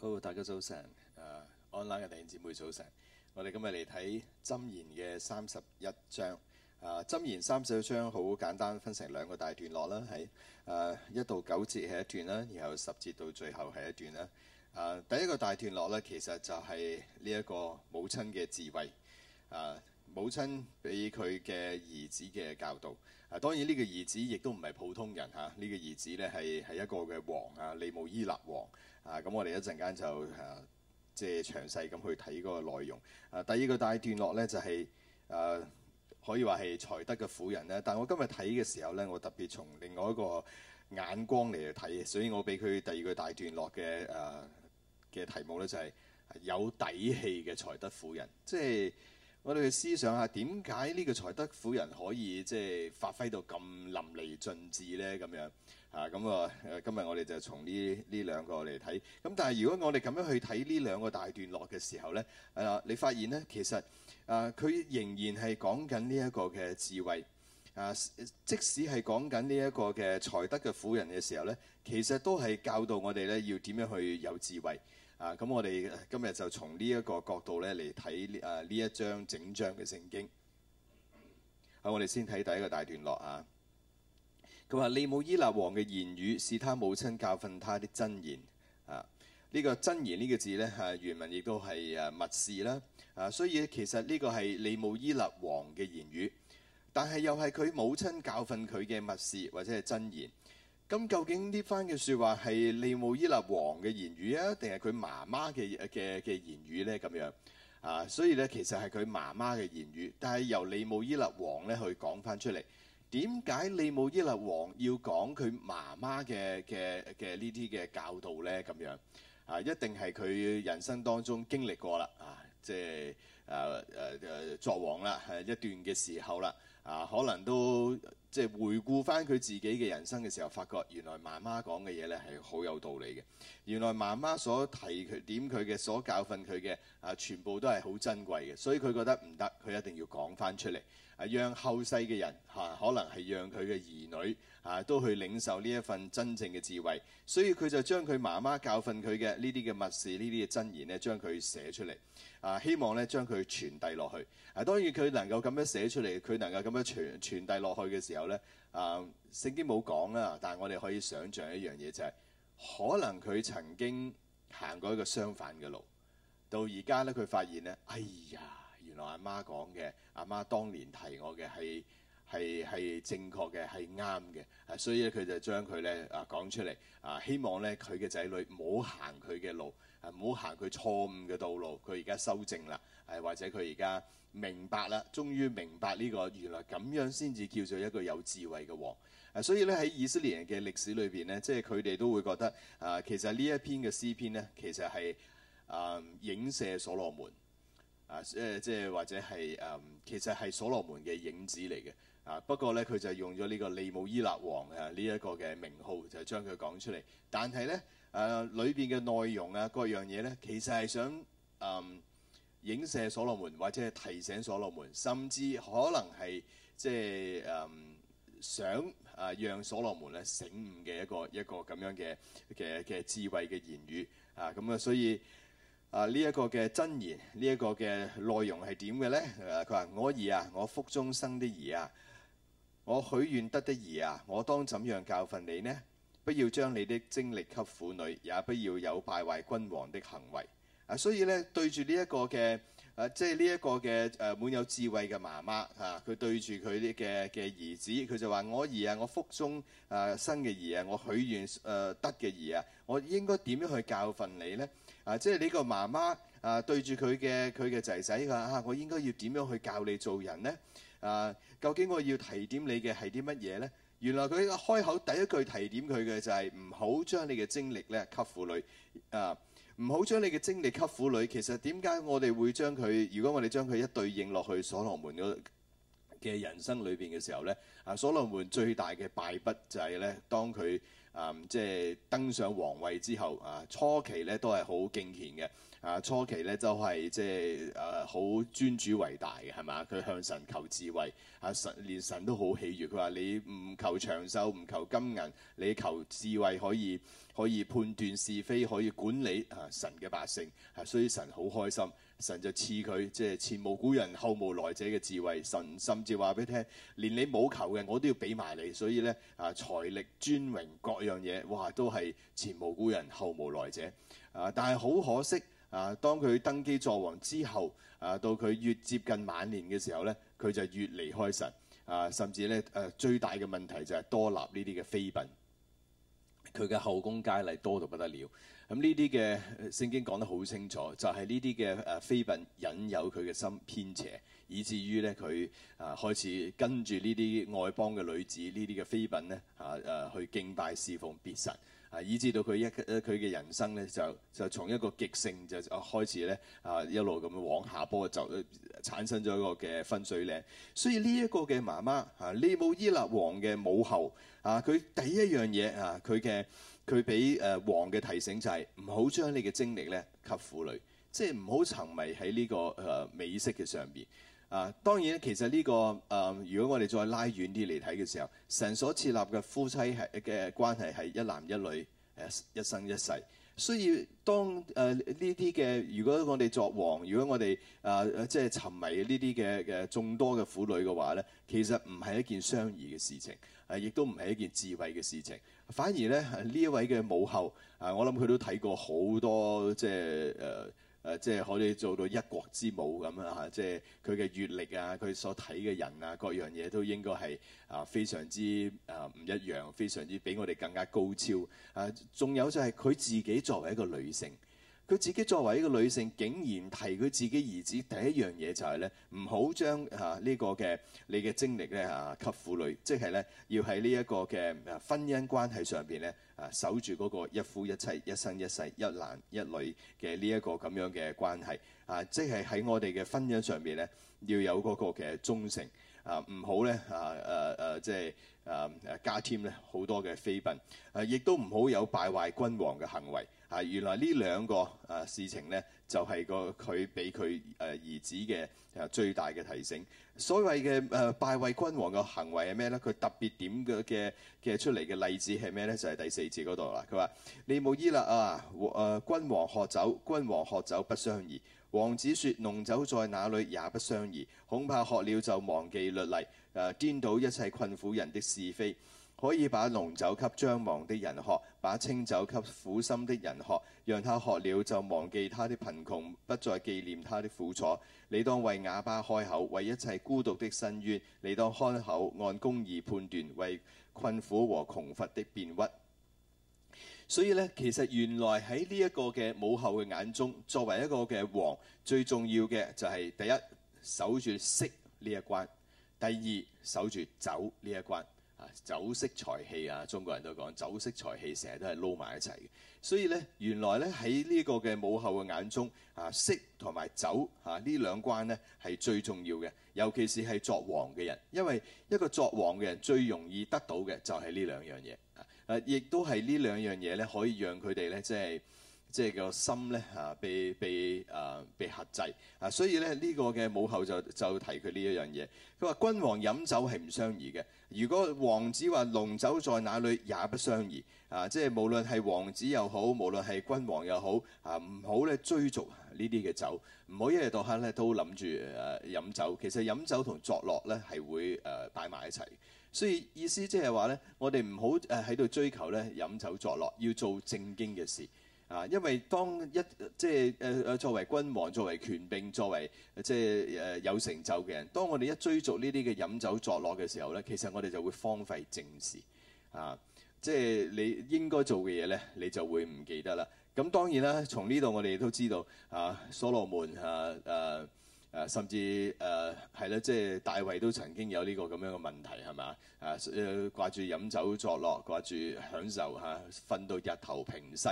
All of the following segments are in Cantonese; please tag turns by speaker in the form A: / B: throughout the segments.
A: Hello 大家早晨。誒 online 嘅弟兄姊妹早晨。我哋今日嚟睇箴言嘅三十一章。誒、啊，箴言三十一章好簡單，分成兩個大段落啦。喺誒、啊、一到九節係一段啦，然後十節到最後係一段啦。誒、啊，第一個大段落咧，其實就係呢一個母親嘅智慧。誒、啊，母親俾佢嘅兒子嘅教導。啊，當然呢個兒子亦都唔係普通人嚇，呢、啊這個兒子咧係係一個嘅王啊，利姆伊納王啊，咁我哋一陣間就誒，即、啊、係詳細咁去睇嗰個內容。啊，第二個大段落呢，就係、是、誒、啊，可以話係才德嘅婦人咧，但我今日睇嘅時候呢，我特別從另外一個眼光嚟嚟睇，所以我俾佢第二個大段落嘅誒嘅題目呢，就係、是、有底氣嘅才德婦人，即係。我哋去思想下，點解呢個才德婦人可以即係發揮到咁淋漓盡致呢？咁樣嚇咁啊！今日我哋就從呢呢兩個嚟睇。咁但係如果我哋咁樣去睇呢兩個大段落嘅時候呢，係、啊、你發現呢，其實啊，佢仍然係講緊呢一個嘅智慧啊，即使係講緊呢一個嘅才德嘅婦人嘅時候呢，其實都係教導我哋呢，要點樣去有智慧。啊，咁我哋今日就從呢一個角度咧嚟睇啊呢一章整章嘅聖經。啊，我哋先睇第一個大段落啊。佢話利慕伊勒王嘅言語是他母親教訓他的真言啊。呢、這個真言呢個字咧嚇、啊、原文亦都係誒密事啦啊，所以其實呢個係利慕伊勒王嘅言語，但係又係佢母親教訓佢嘅密事或者係真言。咁究竟呢番嘅說話係利慕伊勒王嘅言語啊，定係佢媽媽嘅嘅嘅言語呢？咁樣啊，所以咧其實係佢媽媽嘅言語，但係由利慕伊勒王咧去講返出嚟。點解利慕伊勒王要講佢媽媽嘅嘅嘅呢啲嘅教導呢？咁樣啊，一定係佢人生當中經歷過啦啊，即係誒誒誒作王啦，係一段嘅時候啦啊，可能都。即係回顧翻佢自己嘅人生嘅時候，發覺原來媽媽講嘅嘢呢係好有道理嘅。原來媽媽所提佢點佢嘅，所教訓佢嘅啊，全部都係好珍貴嘅。所以佢覺得唔得，佢一定要講翻出嚟。係讓後世嘅人嚇、啊，可能係讓佢嘅兒女嚇、啊、都去領受呢一份真正嘅智慧。所以佢就將佢媽媽教訓佢嘅呢啲嘅密事、呢啲嘅真言咧，將佢寫出嚟。啊，希望咧將佢傳遞落去。啊，當然佢能夠咁樣寫出嚟，佢能夠咁樣傳傳遞落去嘅時候咧，啊，聖經冇講啦，但係我哋可以想像一樣嘢就係、是，可能佢曾經行過一個相反嘅路，到而家呢佢發現呢。哎呀！同阿媽講嘅，阿媽當年提我嘅係係係正確嘅，係啱嘅。所以咧，佢就將佢咧講出嚟、啊，希望咧佢嘅仔女唔好行佢嘅路，唔好行佢錯誤嘅道路。佢而家修正啦、啊，或者佢而家明白啦，終於明白呢個原來咁樣先至叫做一個有智慧嘅王、啊。所以咧喺以色列人嘅歷史裏邊咧，即係佢哋都會覺得、啊、其實呢一篇嘅詩篇呢，其實係、啊、影射所羅門。啊，即係或者係誒、嗯，其實係所羅門嘅影子嚟嘅。啊，不過呢，佢就用咗呢、呢個利慕伊勒王啊呢一、呢個嘅名號，就係將佢講出嚟。但係呢，誒、啊、裏邊嘅內容啊各樣嘢呢，其實係想誒、嗯、影射所羅門，或者係提醒所羅門，甚至可能係即係、嗯、想啊讓所羅門咧醒悟嘅一個一個咁樣嘅嘅嘅智慧嘅言語啊咁啊、嗯，所以。啊！呢、這、一個嘅箴言，呢、這、一個嘅內容係點嘅呢？佢、啊、話：我兒啊，我腹中生的兒啊，我許願得的兒啊，我當怎樣教訓你呢？不要將你的精力給婦女，也不要有敗壞君王的行為。啊，所以呢，對住呢一個嘅誒、啊，即係呢一個嘅誒滿有智慧嘅媽媽嚇，佢、啊、對住佢啲嘅嘅兒子，佢就話：我兒啊，我腹中誒生嘅兒啊，我許願誒得嘅兒啊，我應該點樣去教訓你呢？」啊！即係你個媽媽啊，對住佢嘅佢嘅仔仔，佢話啊，我應該要點樣去教你做人呢？啊，究竟我要提點你嘅係啲乜嘢呢？原來佢開口第一句提點佢嘅就係唔好將你嘅精力咧給婦女啊，唔好將你嘅精力給婦女。其實點解我哋會將佢？如果我哋將佢一對應落去所羅門嘅人生裏邊嘅時候呢？啊，所羅門最大嘅敗筆就係呢，當佢。啊、嗯，即係登上皇位之後，啊初期咧都係好敬虔嘅。啊初期咧就係即係啊好尊主為大嘅，係嘛？佢向神求智慧，啊神連神都好喜悅。佢話你唔求長壽，唔求金銀，你求智慧可以可以判斷是非，可以管理啊神嘅百姓，啊，所以神好開心。啊神就賜佢即係前無古人後無來者嘅智慧，神甚至話俾你聽，連你冇求嘅我都要俾埋你，所以咧啊財力尊榮各樣嘢，哇都係前無古人後無來者啊！但係好可惜啊，當佢登基作王之後啊，到佢越接近晚年嘅時候咧，佢就越離開神啊，甚至咧誒、啊、最大嘅問題就係多納呢啲嘅妃嬪，佢嘅後宮佳麗多到不得了。咁呢啲嘅聖經講得好清楚，就係呢啲嘅誒妃嬪引誘佢嘅心偏邪，以至於咧佢啊開始跟住呢啲外邦嘅女子、呢啲嘅妃嬪咧啊誒去敬拜侍奉別神，啊以至到佢一佢嘅人生咧就就從一個極盛就開始咧啊一路咁樣往下坡就產生咗一個嘅分水嶺。所以呢一個嘅媽媽啊，利慕伊勒王嘅母後啊，佢第一樣嘢啊，佢嘅。佢俾誒王嘅提醒就係唔好將你嘅精力咧俾婦女，即係唔好沉迷喺呢個誒美色嘅上邊。啊，當然其實呢、呢個誒、啊，如果我哋再拉遠啲嚟睇嘅時候，神所設立嘅夫妻係嘅關係關係係一男一女誒一生一世。所以當誒呢啲嘅，如果我哋作王，如果我哋啊即係沉迷呢啲嘅嘅眾多嘅婦女嘅話咧，其實唔係一件相宜嘅事情，係、啊、亦都唔係一件智慧嘅事情。反而咧呢一位嘅母后，啊，我諗佢都睇過好多即係誒誒即係可以做到一國之母咁樣吓，即係佢嘅閱歷啊，佢所睇嘅人啊，各樣嘢都應該係啊非常之啊唔一樣非常之比我哋更加高超。啊仲有就係佢自己作為一個女性。佢自己作為一個女性，竟然提佢自己兒子第一樣嘢就係、是、咧，唔好將啊呢個嘅你嘅精力咧啊，給婦女，即係咧要喺呢一個嘅婚姻關係上邊咧啊，守住嗰個一夫一妻、一生一世、一男一女嘅呢一個咁樣嘅關係啊，即係喺我哋嘅婚姻上邊咧，要有嗰個嘅忠誠啊，唔好咧啊誒誒，即係啊誒、就是啊、加添咧好多嘅妃嬪誒，亦、啊、都唔好有敗壞君王嘅行為。啊，原來呢兩個啊事情呢，就係、是、個佢俾佢誒兒子嘅誒、啊、最大嘅提醒。所謂嘅誒、啊、拜位君王嘅行為係咩呢？佢特別點嘅嘅出嚟嘅例子係咩呢？就係、是、第四節嗰度啦。佢話：利慕伊勒啊！誒、啊、君王喝酒，君王喝酒不相宜。王子説：濃酒在哪裏也不相宜。恐怕喝了就忘記律例，誒、啊、顛倒一切困苦人的是非。可以把濃酒給將亡的人喝，把清酒給苦心的人喝，讓他喝了就忘記他的貧窮，不再記念他的苦楚。你當為啞巴開口，為一切孤獨的伸冤；你當開口按公義判斷，為困苦和窮乏的辨屈。所以呢，其實原來喺呢一個嘅母后嘅眼中，作為一個嘅王，最重要嘅就係第一守住色呢一關，第二守住酒呢一關。啊，酒色財氣啊！中國人都講酒色財氣，成日都係撈埋一齊嘅。所以呢，原來呢喺呢個嘅母后嘅眼中，啊色同埋酒啊呢兩關呢係最重要嘅，尤其是係作王嘅人，因為一個作王嘅人最容易得到嘅就係呢兩樣嘢啊！亦都係呢兩樣嘢呢，可以讓佢哋呢，即係。即係個心咧嚇，被、呃、被誒被克制啊，所以咧呢、這個嘅母后就就提佢呢一樣嘢。佢話君王飲酒係唔相宜嘅，如果王子話濃酒在那裏也不相宜啊。即係無論係王子又好，無論係君王又好啊，唔好咧追逐呢啲嘅酒，唔好一日到黑咧都諗住誒飲酒。其實飲酒同作樂咧係會誒擺埋一齊，所以意思即係話咧，我哋唔好誒喺度追求咧飲酒作樂，要做正經嘅事。啊，因為當一即係誒誒，作為君王、作為權柄、作為即係誒、啊、有成就嘅人，當我哋一追逐呢啲嘅飲酒作樂嘅時候咧，其實我哋就會荒廢正事啊！即係你應該做嘅嘢咧，你就會唔記得啦。咁、啊、當然啦，從呢度我哋都知道啊，所羅門啊誒誒、啊，甚至誒係啦，即係大衛都曾經有呢、這個咁樣嘅問題係嘛啊？掛住飲酒作樂，掛住享受嚇，瞓、啊、到日頭平西。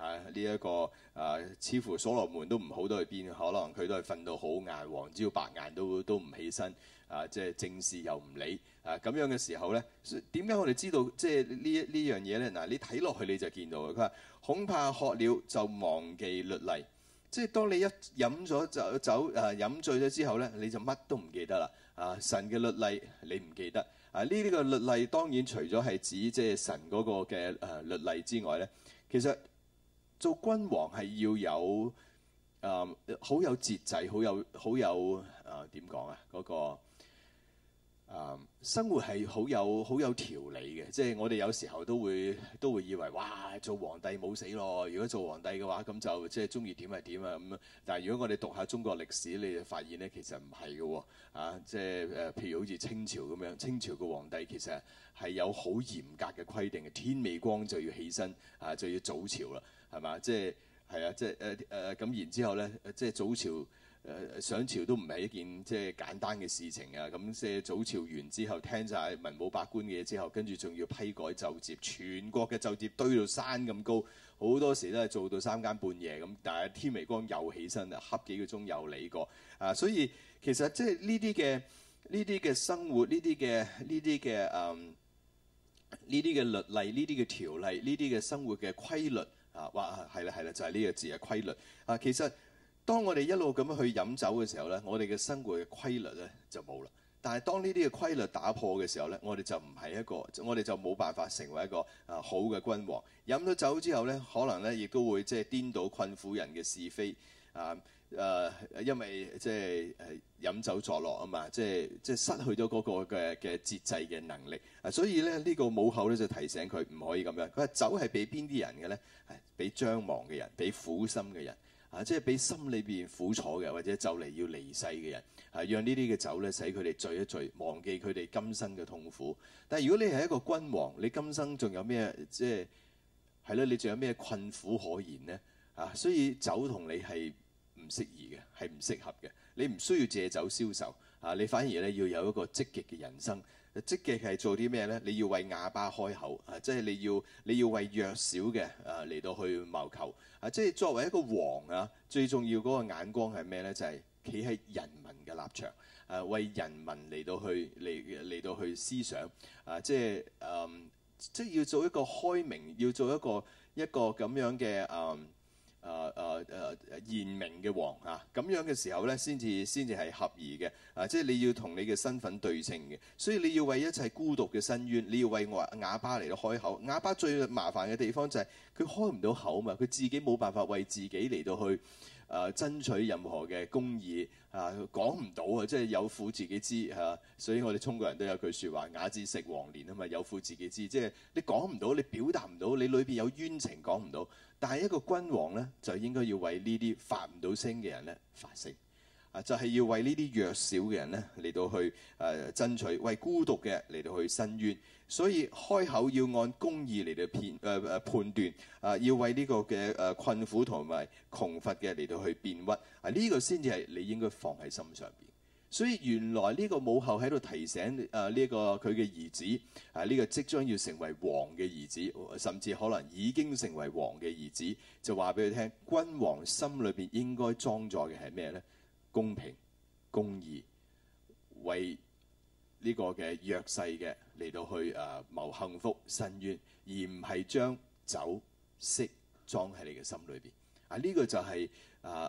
A: 啊！呢、這、一個啊，似乎所羅門都唔好，都去邊可能佢都係瞓到好晏，黃朝白晏都都唔起身啊！即係正事又唔理啊！咁樣嘅時候呢，點解我哋知道即係呢呢樣嘢呢，嗱、啊，你睇落去你就見到嘅。佢話恐怕喝了就忘記律例，即係當你一飲咗酒，走啊，飲醉咗之後呢，你就乜都唔記得啦啊！神嘅律例你唔記得啊？呢啲嘅律例當然除咗係指即係神嗰個嘅誒律例之外呢，其實。做君王係要有誒，好、嗯、有節制，好有好有誒點講啊？嗰、那個、嗯、生活係好有好有條理嘅，即係我哋有時候都會都會以為哇，做皇帝冇死咯。如果做皇帝嘅話，咁就即係鍾意點係點啊咁。但係如果我哋讀下中國歷史，你就發現咧，其實唔係嘅喎啊！即係誒，譬如好似清朝咁樣，清朝嘅皇帝其實係有好嚴格嘅規定嘅，天未光就要起身啊，就要早朝啦。係嘛？即係係啊，即係誒誒咁。然之後咧，即係早朝誒、呃、上朝都唔係一件即係簡單嘅事情啊。咁即係早朝完之後，聽晒文武百官嘅嘢之後，跟住仲要批改奏摺，全國嘅奏摺堆到山咁高，好多時都係做到三更半夜咁，但係天未光又起身啦，恰幾個鐘又嚟過啊。所以其實即係呢啲嘅呢啲嘅生活，呢啲嘅呢啲嘅誒呢啲嘅律例，呢啲嘅條例，呢啲嘅生活嘅規律。啊！話係啦係啦，就係、是、呢個字嘅規律啊！其實當我哋一路咁樣去飲酒嘅時候呢，我哋嘅生活嘅規律呢就冇啦。但係當呢啲嘅規律打破嘅時候呢，我哋就唔係一個，我哋就冇辦法成為一個啊好嘅君王。飲咗酒之後呢，可能呢亦都會即係顛倒困苦人嘅是非啊！誒、呃，因為即係誒飲酒作樂啊嘛，即係即係失去咗嗰個嘅嘅節制嘅能力啊，所以咧呢、這個母后咧就提醒佢唔可以咁樣。佢話酒係俾邊啲人嘅咧？係俾將亡嘅人，俾苦心嘅人啊，即係俾心裏邊苦楚嘅，或者就嚟要離世嘅人，係、啊、讓呢啲嘅酒咧，使佢哋醉一醉，忘記佢哋今生嘅痛苦。但係如果你係一個君王，你今生仲有咩即係係啦？你仲有咩困苦可言呢？啊，所以酒同你係。唔適宜嘅，係唔適合嘅。你唔需要借酒消愁，啊！你反而咧要有一個積極嘅人生。積極係做啲咩呢？你要為啞巴開口，啊！即係你要，你要為弱小嘅啊嚟到去謀求。啊！即係作為一個王啊，最重要嗰個眼光係咩呢？就係企喺人民嘅立場，啊，為人民嚟到去嚟嚟到去思想。啊！即係、嗯、即係要做一個開明，要做一個一個咁樣嘅啊。嗯誒誒誒賢明嘅王啊，咁樣嘅時候咧，先至先至係合宜嘅，啊，即係你要同你嘅身份對稱嘅，所以你要為一切孤獨嘅伸冤，你要為我啞巴嚟到開口，啞巴最麻煩嘅地方就係佢開唔到口啊嘛，佢自己冇辦法為自己嚟到去。誒爭取任何嘅公義，嚇講唔到啊！到即係有苦自己知嚇、啊，所以我哋中國人都有句説話：啞子食黃連啊嘛，有苦自己知。即係你講唔到，你表達唔到，你裏邊有冤情講唔到。但係一個君王呢，就應該要為呢啲發唔到聲嘅人呢，發聲，啊就係、是、要為呢啲弱小嘅人呢嚟到去誒、啊、爭取，為孤獨嘅嚟到去伸冤。所以開口要按公義嚟到判，誒、呃、誒判斷，誒、呃、要為呢個嘅誒困苦同埋窮乏嘅嚟到去辯屈，係、啊、呢、這個先至係你應該放喺心上邊。所以原來呢個母后喺度提醒誒呢、啊這個佢嘅兒子，係、啊、呢、這個即將要成為王嘅兒子，甚至可能已經成為王嘅兒子，就話俾佢聽：君王心裏邊應該裝載嘅係咩呢？公平、公義、為，呢個嘅弱勢嘅嚟到去誒、呃、謀幸福、伸冤，而唔係將酒色裝喺你嘅心裏邊。啊，呢、這個就係誒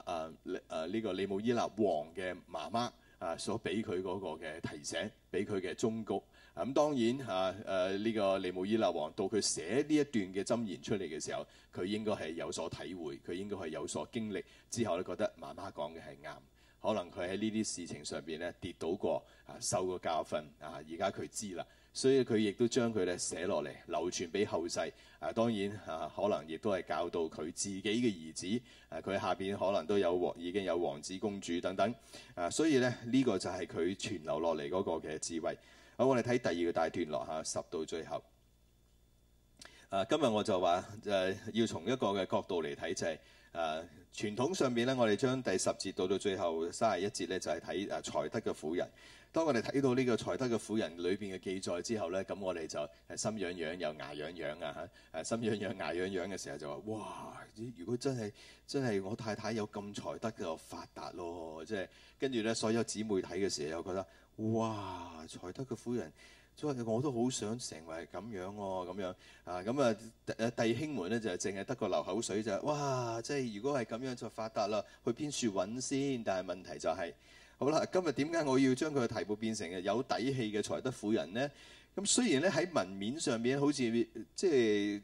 A: 誒誒呢個利慕伊勒王嘅媽媽啊所俾佢嗰個嘅提醒，俾佢嘅忠告。咁、嗯、當然嚇誒呢個利慕伊勒王到佢寫呢一段嘅箴言出嚟嘅時候，佢應該係有所體會，佢應該係有所經歷之後咧，覺得媽媽講嘅係啱。可能佢喺呢啲事情上邊咧跌倒過啊，受過教訓啊，而家佢知啦，所以佢亦都將佢咧寫落嚟，流傳俾後世啊。當然啊，可能亦都係教導佢自己嘅兒子啊，佢下邊可能都有已經有王子公主等等啊。所以咧，呢、呢個就係佢傳留落嚟嗰個嘅智慧。啊、我哋睇第二個大段落嚇、啊、十到最後。啊，今日我就話誒、啊，要從一個嘅角度嚟睇就係、是。誒、uh，傳統上面咧，我哋將第十節到到最後三十一節咧，就係睇誒才德嘅婦人。當我哋睇到呢、這個才德嘅婦人裏邊嘅記載之後咧，咁我哋就係心癢癢又牙癢癢啊嚇！誒、啊、心癢癢牙癢癢嘅時候就話：哇！如果真係真係我太太有咁才德嘅發達咯，即係跟住咧所有姊妹睇嘅時候又覺得：哇！才德嘅婦人。我都好想成為咁樣喎、哦，咁樣啊，咁啊，弟兄們咧就係淨係得個流口水就係哇！即係如果係咁樣就發達啦，去邊處揾先。但係問題就係、是，好啦，今日點解我要將佢嘅題目變成有底氣嘅才德婦人呢？啊」咁雖然咧喺文面上面好似、呃、即係。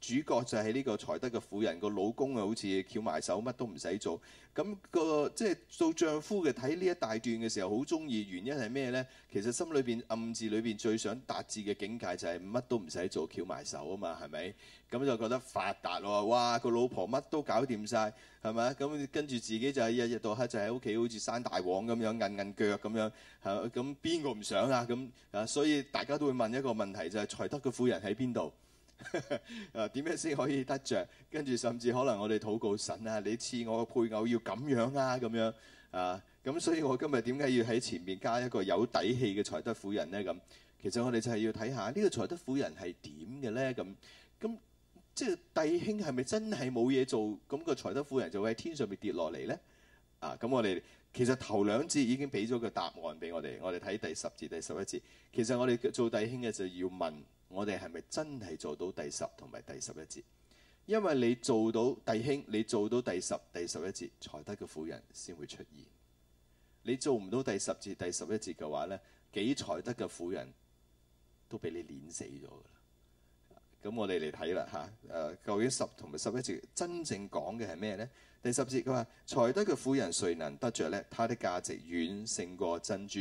A: 主角就係呢個才德嘅婦人個 老公啊，好似翹埋手乜都唔使做，咁、那個即係、就是、做丈夫嘅睇呢一大段嘅時候好中意，原因係咩呢？其實心裏邊暗字裏邊最想達至嘅境界就係、是、乜都唔使做，翹埋手啊嘛，係咪？咁就覺得發達喎、哦，哇！個老婆乜都搞掂晒，係咪啊？咁跟住自己就係日日到黑就喺屋企好似山大王咁樣韌韌腳咁樣，係咁邊個唔想啊？咁啊，所以大家都會問一個問題就係、是、才德嘅婦人喺邊度？誒點樣先可以得着？跟住甚至可能我哋禱告神啊，你賜我個配偶要咁樣啊咁樣啊。咁、啊嗯、所以我今日點解要喺前面加一個有底氣嘅才德婦人呢？咁、嗯、其實我哋就係要睇下呢個才德婦人係點嘅呢？咁、嗯、咁即係弟兄係咪真係冇嘢做？咁、個才德婦人就會喺天上面跌落嚟呢？啊！咁、嗯、我哋。其實頭兩節已經俾咗個答案俾我哋，我哋睇第十節、第十一節。其實我哋做弟兄嘅就要問，我哋係咪真係做到第十同埋第十一節？因為你做到弟兄，你做到第十、第十一節，才德嘅婦人先會出現。你做唔到第十節、第十一節嘅話咧，幾才德嘅婦人都俾你碾死咗。咁我哋嚟睇啦嚇，誒、啊、究竟十同埋十一節真正講嘅係咩呢？第十節佢話：才德嘅婦人誰能得着呢？她的價值遠勝過珍珠，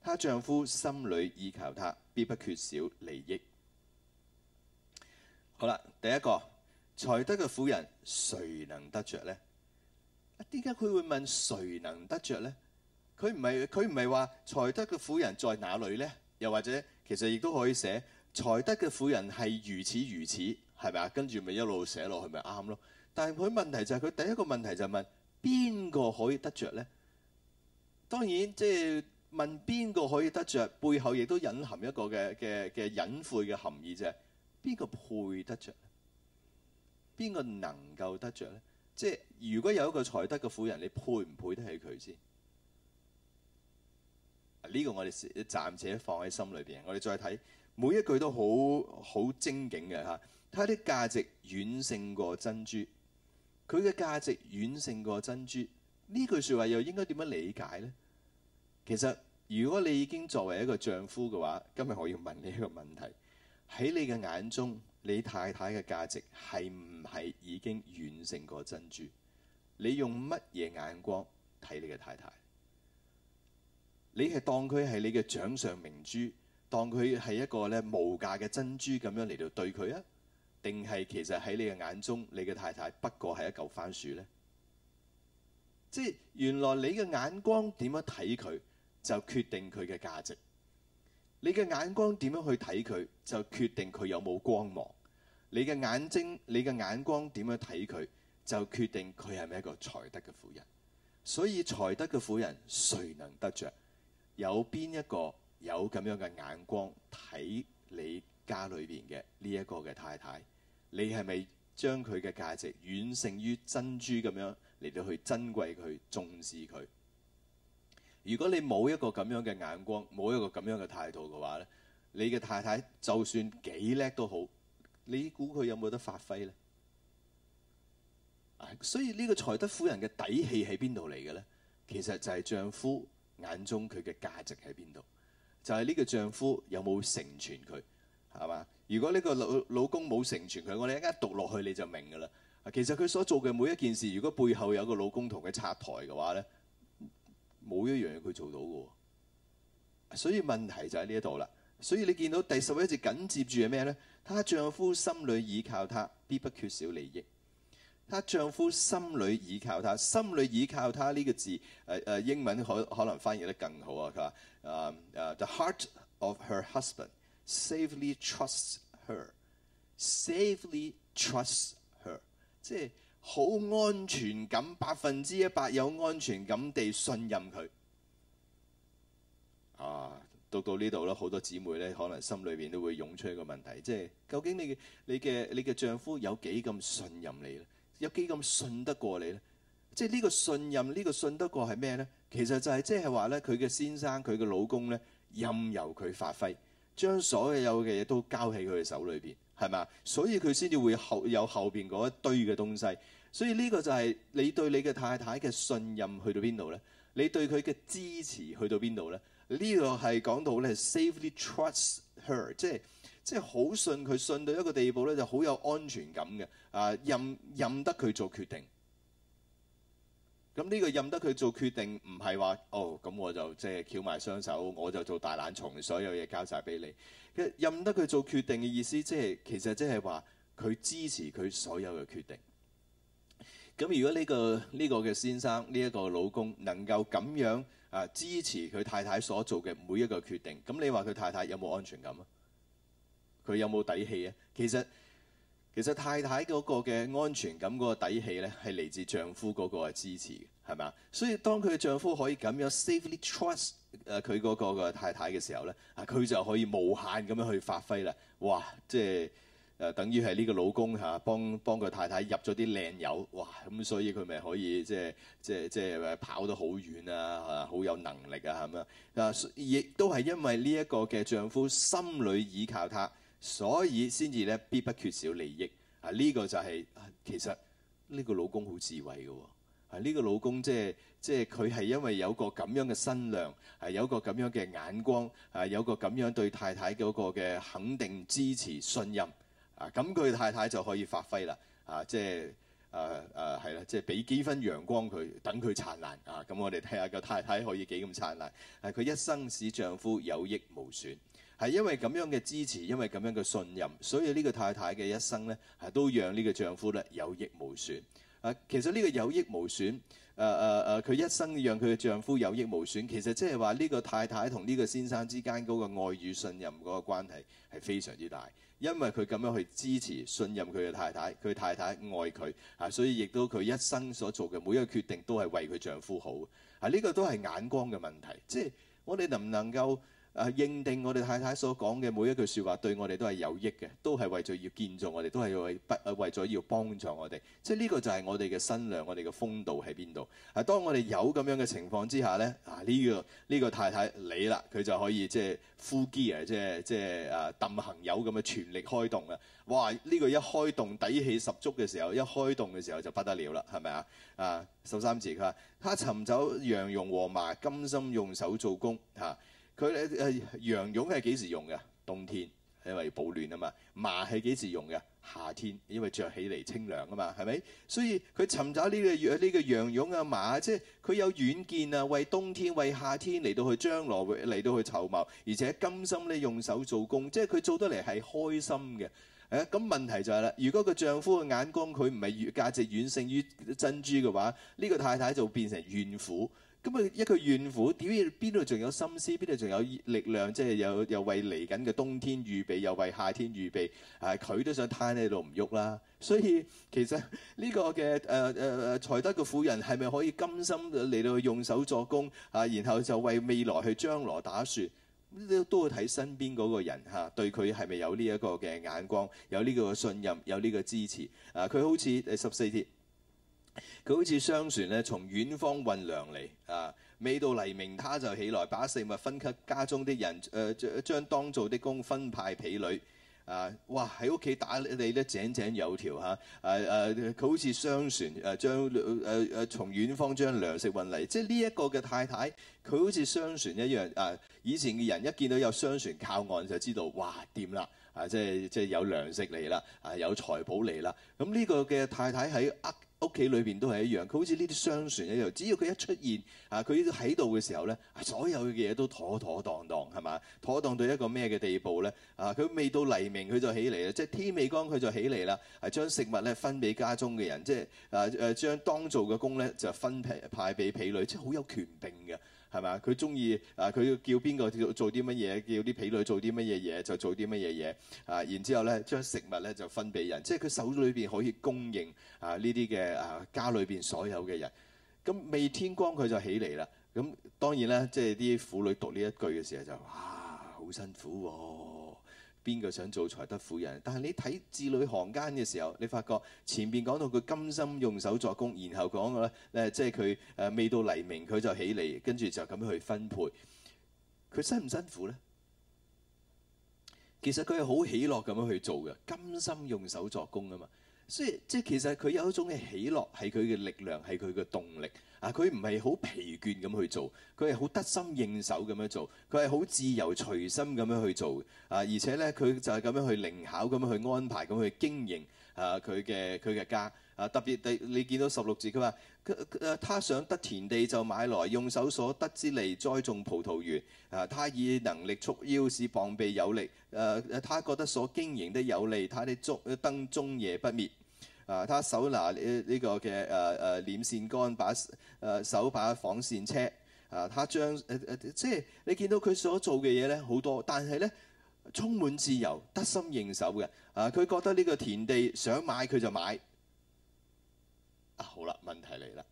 A: 她丈夫心裏依靠她，必不缺少利益。好啦，第一個才德嘅婦人誰能得着呢？啊，點解佢會問誰能得着呢？佢唔係佢唔係話才德嘅婦人在哪裏呢？又或者其實亦都可以寫。才德嘅婦人係如此如此，係咪啊？跟住咪一路寫落去咪啱咯。但係佢問題就係、是、佢第一個問題就係問邊個可以得着咧？當然即係、就是、問邊個可以得着？」背後亦都隱含一個嘅嘅嘅隱晦嘅含義啫。邊個配得著？邊個能夠得着咧？即係如果有一個才德嘅婦人，你配唔配得起佢先？呢、這個我哋暫且放喺心裏邊，我哋再睇。每一句都好好精警嘅嚇，她的價值遠勝過珍珠。佢嘅價值遠勝過珍珠。呢句說話又應該點樣理解咧？其實如果你已經作為一個丈夫嘅話，今日我要問你一個問題，喺你嘅眼中，你太太嘅價值係唔係已經遠勝過珍珠？你用乜嘢眼光睇你嘅太太？你係當佢係你嘅掌上明珠？當佢係一個咧無價嘅珍珠咁樣嚟到對佢啊，定係其實喺你嘅眼中，你嘅太太不過係一嚿番薯咧？即係原來你嘅眼光點樣睇佢，就決定佢嘅價值；你嘅眼光點樣去睇佢，就決定佢有冇光芒；你嘅眼睛、你嘅眼光點樣睇佢，就決定佢係咪一個才德嘅婦人。所以才德嘅婦人誰能得着？有邊一個？有咁樣嘅眼光睇你家裏邊嘅呢一個嘅太太，你係咪將佢嘅價值遠勝於珍珠咁樣嚟到去珍貴佢、重視佢？如果你冇一個咁樣嘅眼光，冇一個咁樣嘅態度嘅話咧，你嘅太太就算幾叻都好，你估佢有冇得發揮咧？所以呢個才德夫人嘅底氣喺邊度嚟嘅咧？其實就係丈夫眼中佢嘅價值喺邊度。就係呢個丈夫有冇成全佢係嘛？如果呢個老老公冇成全佢，我哋一陣讀落去你就明㗎啦。其實佢所做嘅每一件事，如果背後有個老公同佢拆台嘅話呢，冇一樣嘢佢做到㗎。所以問題就喺呢一度啦。所以你見到第十一節緊接住係咩咧？她丈夫心裏倚靠她，必不缺少利益。她丈夫心裏倚靠她，心裏倚靠她呢個字誒、誒英文可可能翻譯得更好啊。佢話誒、誒 The heart of her husband safely trusts her, safely trusts her，即係好安全感，百分之一百有安全感地信任佢啊。讀到呢度咧，好多姊妹咧可能心裏邊都會湧出一個問題，即係究竟你嘅你嘅你嘅丈夫有幾咁信任你咧？有幾咁信得過你呢？即係呢個信任，呢、呢個信得過係咩呢？其實就係、是、即係話呢佢嘅先生，佢嘅老公呢，任由佢發揮，將所有嘅嘢都交喺佢嘅手裏邊，係嘛？所以佢先至會後有後邊嗰一堆嘅東西。所以呢個就係你對你嘅太太嘅信任去到邊度呢？你對佢嘅支持去到邊度呢？呢個係講到咧，safely trust her，即係即係好信佢信到一個地步咧，就好有安全感嘅。啊，任任得佢做決定。咁呢個任得佢做決定，唔係話哦，咁我就即係翹埋雙手，我就做大懶蟲，所有嘢交晒俾你。任得佢做決定嘅意思，即係其實即係話佢支持佢所有嘅決定。咁如果呢個呢個嘅先生，呢一個老公能夠咁樣，啊！支持佢太太所做嘅每一個決定，咁你話佢太太有冇安全感啊？佢有冇底氣啊？其實其實太太嗰個嘅安全感嗰個底氣咧，係嚟自丈夫嗰個嘅支持，係咪啊？所以當佢嘅丈夫可以咁樣 safely trust 誒佢嗰個嘅太太嘅時候咧，啊佢就可以無限咁樣去發揮啦！哇，即係～誒、啊、等於係呢個老公嚇，幫幫佢太太入咗啲靚友，哇！咁、嗯、所以佢咪可以即係即係即係跑得好遠啊，啊，好有能力啊咁樣。啊，亦都係因為呢一個嘅丈夫心裏倚靠她，所以先至咧必不缺少利益。啊，呢、這個就係、是啊、其實呢個老公好智慧嘅喎、哦。啊，呢、這個老公即係即係佢係因為有個咁樣嘅身量，係、啊、有個咁樣嘅眼光，係、啊、有個咁樣對太太嗰個嘅肯定、支持、信任。啊，咁佢太太就可以發揮啦！啊，即係啊啊，係、啊、啦、啊，即係俾幾分陽光佢，等佢燦爛啊！咁我哋睇下個太太可以幾咁燦爛。係、啊、佢一生使丈，啊丈，啊啊啊啊、丈夫有益無損，係因為咁樣嘅支持，因為咁樣嘅信任，所以呢個太太嘅一生咧，都讓呢個丈夫咧有益無損。啊，其實呢個有益無損，誒誒誒，佢一生讓佢嘅丈夫有益無損，其實即係話呢個太太同呢個先生之間嗰個愛與信任嗰個關係係非常之大。因為佢咁樣去支持、信任佢嘅太太，佢太太愛佢，啊，所以亦都佢一生所做嘅每一個決定都係為佢丈夫好。啊，呢個都係眼光嘅問題，即係我哋能唔能夠？啊！認定我哋太太所講嘅每一句説話對我哋都係有益嘅，都係為咗要建造我哋，都係為不啊，為咗要幫助我哋。即係呢個就係我哋嘅身量，我哋嘅風度喺邊度？係、啊、當我哋有咁樣嘅情況之下咧，啊呢、呢個呢、呢個太太你啦，佢就可以即係呼機啊，即係即係啊揼行友咁啊，全力開動啊！哇！呢、呢個一開動底氣十足嘅時候，一開動嘅時候就不得了啦，係咪啊？啊，十三字佢話：他尋找羊絨和麻，甘心用手做工嚇。啊。佢誒羊絨係幾時用嘅？冬天，因為保暖啊嘛。麻係幾時用嘅？夏天，因為着起嚟清涼啊嘛，係咪？所以佢尋找呢個呢個羊絨啊麻，即係佢有遠見啊，為冬天為夏天嚟到去將來嚟到去籌謀，而且甘心咧用手做工，即係佢做得嚟係開心嘅。誒，咁問題就係啦，如果個丈夫嘅眼光佢唔係越價值遠勝於珍珠嘅話，呢個太太就會變成怨婦。咁啊！一個怨婦，點知邊度仲有心思？邊度仲有力量？即係又又為嚟緊嘅冬天預備，又為夏天預備。啊！佢都想攤喺度唔喐啦。所以其實呢個嘅誒誒財德嘅婦人係咪可以甘心嚟到用手作工？啊，然後就為未來去將來打算，都都要睇身邊嗰個人嚇、啊，對佢係咪有呢一個嘅眼光，有呢個信任，有呢個支持？啊，佢好似第十四節。佢好似商船咧，從遠方運糧嚟啊！未到黎明，他就起來，把食物分給家中啲人。誒、呃，將當做的工分派婢女啊！哇，喺屋企打理得井井有條嚇。誒、啊、誒，佢、啊、好似商船誒，將誒誒從遠方將糧食運嚟。即係呢一個嘅太太，佢好似商船一樣啊！以前嘅人一見到有商船靠岸，就知道哇掂啦啊！即係即係有糧食嚟啦啊，有財寶嚟啦。咁、啊、呢、這個嘅太太喺。屋企裏邊都係一樣，佢好似呢啲商船一樣，只要佢一出現，啊，佢喺度嘅時候咧，所有嘅嘢都妥妥當當係嘛？妥當到一個咩嘅地步咧？啊，佢未到黎明佢就起嚟啦，即係天未光佢就起嚟啦，係、啊、將食物咧分俾家中嘅人，即係啊誒、啊，將當做嘅工咧就分派派俾婢女，即係好有權柄嘅。係嘛？佢中意啊！佢要叫邊個做啲乜嘢？叫啲婢女做啲乜嘢嘢？就做啲乜嘢嘢啊！然之後咧，將食物咧就分俾人，即係佢手裏邊可以供應啊呢啲嘅啊家裏邊所有嘅人。咁未天光佢就起嚟啦。咁當然啦，即係啲婦女讀呢一句嘅時候就哇，好辛苦喎、哦。邊個想做才德婦人？但係你睇字裏行間嘅時候，你發覺前邊講到佢甘心用手作工，然後講嘅咧誒，即係佢誒未到黎明佢就起嚟，跟住就咁樣去分配。佢辛唔辛苦咧？其實佢係好喜樂咁樣去做嘅，甘心用手作工啊嘛。所以即係其實佢有一種嘅喜樂係佢嘅力量，係佢嘅動力。啊！佢唔係好疲倦咁去做，佢係好得心應手咁樣做，佢係好自由隨心咁樣去做，啊！而且呢，佢就係咁樣去靈巧咁樣去安排，咁去經營啊！佢嘅佢嘅家啊！特別第你見到十六節，佢話佢想得田地就買來，用手所得之利栽種葡萄園啊！他以能力束腰，使膀臂有力誒！他、啊、覺得所經營的有利，他的燭燈終夜不滅。啊！他手拿呢、這、呢個嘅誒誒綿線竿，把誒、啊、手把紡線車啊！將啊啊他將誒誒即係你見到佢所做嘅嘢咧好多，但係咧充滿自由、得心應手嘅啊！佢覺得呢個田地想買佢就買啊！好啦，問題嚟啦！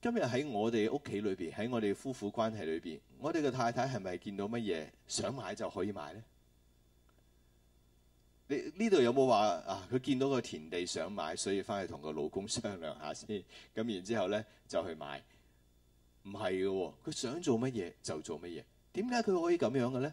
A: 今日喺我哋屋企裏邊，喺我哋夫婦關係裏邊，我哋嘅太太係咪見到乜嘢想買就可以買咧？呢度有冇話啊？佢見到個田地想買，所以翻去同個老公商量下先，咁然之後咧就去買。唔係嘅，佢想做乜嘢就做乜嘢。點解佢可以咁樣嘅咧？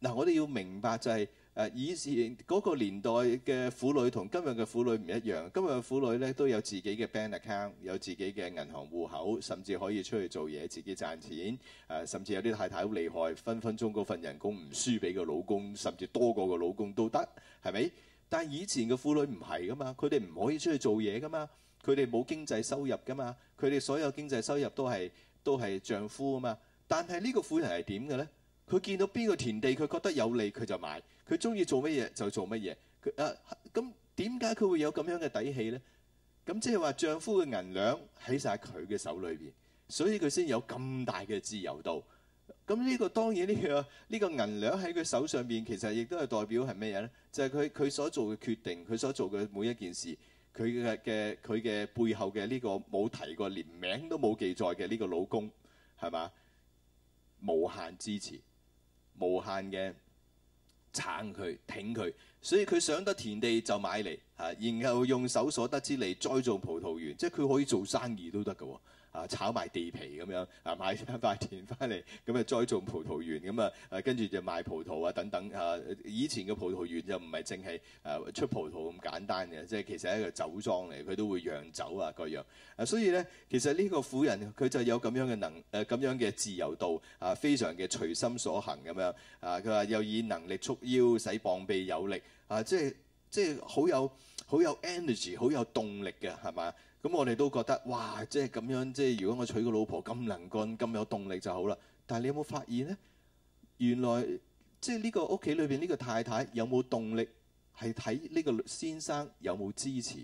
A: 嗱、啊，我哋要明白就係、是。誒以前嗰個年代嘅婦女同今日嘅婦女唔一樣。今日嘅婦女咧都有自己嘅 bank account，有自己嘅銀行戶口，甚至可以出去做嘢，自己賺錢。誒、呃，甚至有啲太太好厲害，分分鐘嗰份人工唔輸俾個老公，甚至多過個老公都得，係咪？但係以前嘅婦女唔係㗎嘛，佢哋唔可以出去做嘢㗎嘛，佢哋冇經濟收入㗎嘛，佢哋所有經濟收入都係都係丈夫啊嘛。但係呢個婦人係點嘅咧？佢見到邊個田地佢覺得有利，佢就買。佢中意做乜嘢就做乜嘢，佢啊，咁點解佢會有咁樣嘅底氣咧？咁即係話丈夫嘅銀兩喺晒佢嘅手裏邊，所以佢先有咁大嘅自由度。咁呢個當然呢個呢個銀兩喺佢手上邊，其實亦都係代表係咩嘢咧？就係佢佢所做嘅決定，佢所做嘅每一件事，佢嘅嘅佢嘅背後嘅呢個冇提過連名都冇記載嘅呢個老公，係嘛？無限支持，無限嘅。撐佢，挺佢，所以佢想得田地就買嚟，嚇，然後用手所得之利栽種葡萄園，即係佢可以做生意都得㗎喎。啊，炒埋地皮咁樣，啊買一塊田翻嚟，咁啊栽種葡萄園，咁啊，誒跟住就賣葡萄啊等等。啊，以前嘅葡萄園就唔係淨係誒出葡萄咁簡單嘅，即係其實係一個酒莊嚟，佢都會釀酒啊各樣。啊，所以咧，其實呢個婦人佢就有咁樣嘅能誒，咁樣嘅自由度啊，非常嘅隨心所行咁樣。啊，佢話又以能力束腰，使膀臂有力。啊，即係即係好有好有 energy，好有動力嘅，係嘛？咁我哋都覺得哇，即係咁樣，即係如果我娶個老婆咁能幹、咁有動力就好啦。但係你有冇發現呢？原來即係呢個屋企裏邊呢個太太有冇動力，係睇呢個先生有冇支持。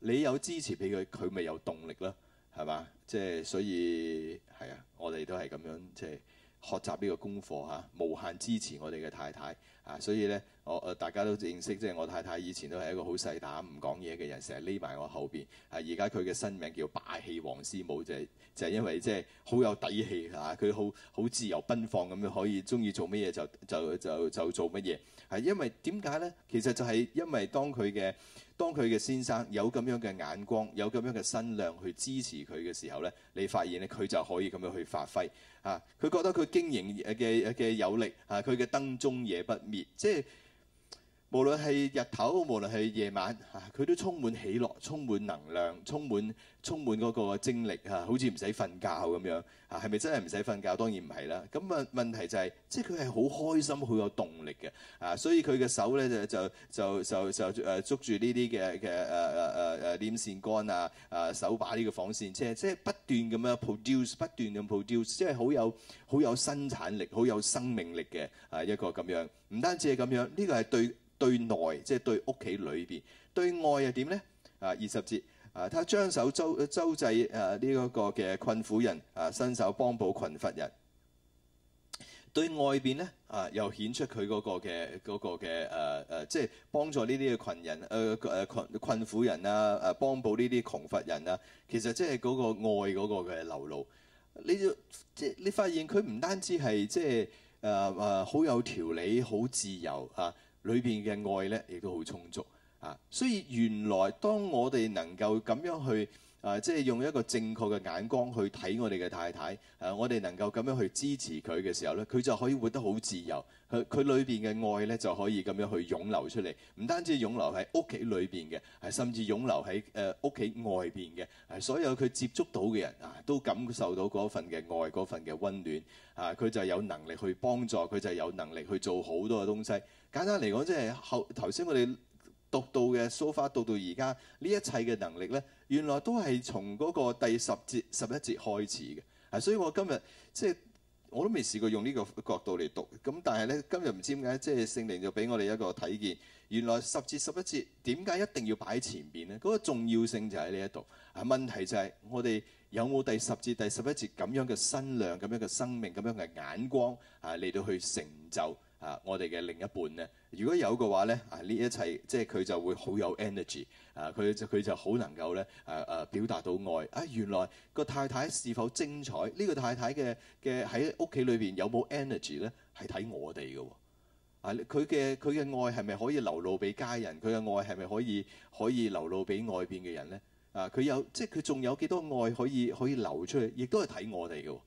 A: 你有支持俾佢，佢咪有動力咯，係嘛？即係所以係啊，我哋都係咁樣即係、就是、學習呢個功課嚇，無限支持我哋嘅太太。啊，所以咧，我誒、呃、大家都認識，即係我太太以前都係一個好細膽、唔講嘢嘅人，成日匿埋我後邊。係而家佢嘅新名叫霸氣王師母，就係、是、就係、是、因為即係好有底氣嚇，佢、啊、好好自由奔放咁樣，可以鍾意做乜嘢就就就就，就做乜嘢。係，因為點解呢？其實就係因為當佢嘅當佢嘅先生有咁樣嘅眼光，有咁樣嘅身量去支持佢嘅時候咧，你發現咧佢就可以咁樣去發揮啊！佢覺得佢經營嘅嘅有力啊，佢嘅燈終夜不滅，即係。無論係日頭，無論係夜晚，啊佢都充滿喜樂，充滿能量，充滿充滿嗰個精力啊！好似唔使瞓覺咁樣，啊係咪真係唔使瞓覺？當然唔係啦。咁問問題就係，即係佢係好開心，好有動力嘅。啊，所以佢嘅手咧就就就就就誒捉住呢啲嘅嘅誒誒誒誒撚線竿啊，誒手把呢個紡線車，即係不斷咁樣 produce，不斷咁 produce，即係好有好有生產力，好有生命力嘅啊一個咁樣。唔單止係咁樣，呢個係對。對內即係對屋企裏邊，對外又點咧？啊，二十節啊，他將手周周濟誒呢一個嘅困苦人啊，伸手幫補窮乏人。對外邊咧啊，又顯出佢嗰個嘅嗰個嘅誒誒，即係幫助呢啲嘅羣人誒誒困困苦人啊誒，幫補呢啲窮乏人啊。其實即係嗰個愛嗰個嘅流露，你即係你發現佢唔單止係即係誒誒好有條理、好自由啊。裏邊嘅愛咧，亦都好充足啊！所以原來當我哋能夠咁樣去。啊！即係用一個正確嘅眼光去睇我哋嘅太太。誒、啊，我哋能夠咁樣去支持佢嘅時候呢，佢就可以活得好自由。佢佢裏邊嘅愛呢，就可以咁樣去湧流出嚟。唔單止湧流喺屋企裏邊嘅，係、啊、甚至湧流喺誒屋企外邊嘅。係、啊、所有佢接觸到嘅人啊，都感受到嗰份嘅愛，嗰份嘅溫暖。啊，佢就有能力去幫助，佢就有能力去做好多嘅東西。簡單嚟講，即係後頭先我哋讀到嘅梳花，so、far，讀到到而家呢一切嘅能力呢。原來都係從嗰個第十節十一節開始嘅，啊！所以我今日即係我都未試過用呢個角度嚟讀，咁但係咧今日唔知點解，即係聖靈就俾我哋一個睇見，原來十節十一節點解一定要擺喺前邊呢？嗰、嗰個重要性就喺呢一度。啊，問題就係我哋有冇第十節第十一節咁樣嘅身量、咁樣嘅生命、咁樣嘅眼光啊嚟到去成就？啊！我哋嘅另一半呢，如果有嘅話呢，啊呢一切即係佢就會好有 energy，啊佢就佢就好能夠呢，誒、啊、誒、啊、表達到愛。啊原來個太太是否精彩？呢、呢個太太嘅嘅喺屋企裏邊有冇 energy 呢？係睇我哋嘅喎。啊佢嘅佢嘅愛係咪可以流露俾家人？佢嘅愛係咪可以可以流露俾外邊嘅人呢？啊佢、啊、有即係佢仲有幾多愛可以可以流出去？亦都係睇我哋嘅、哦。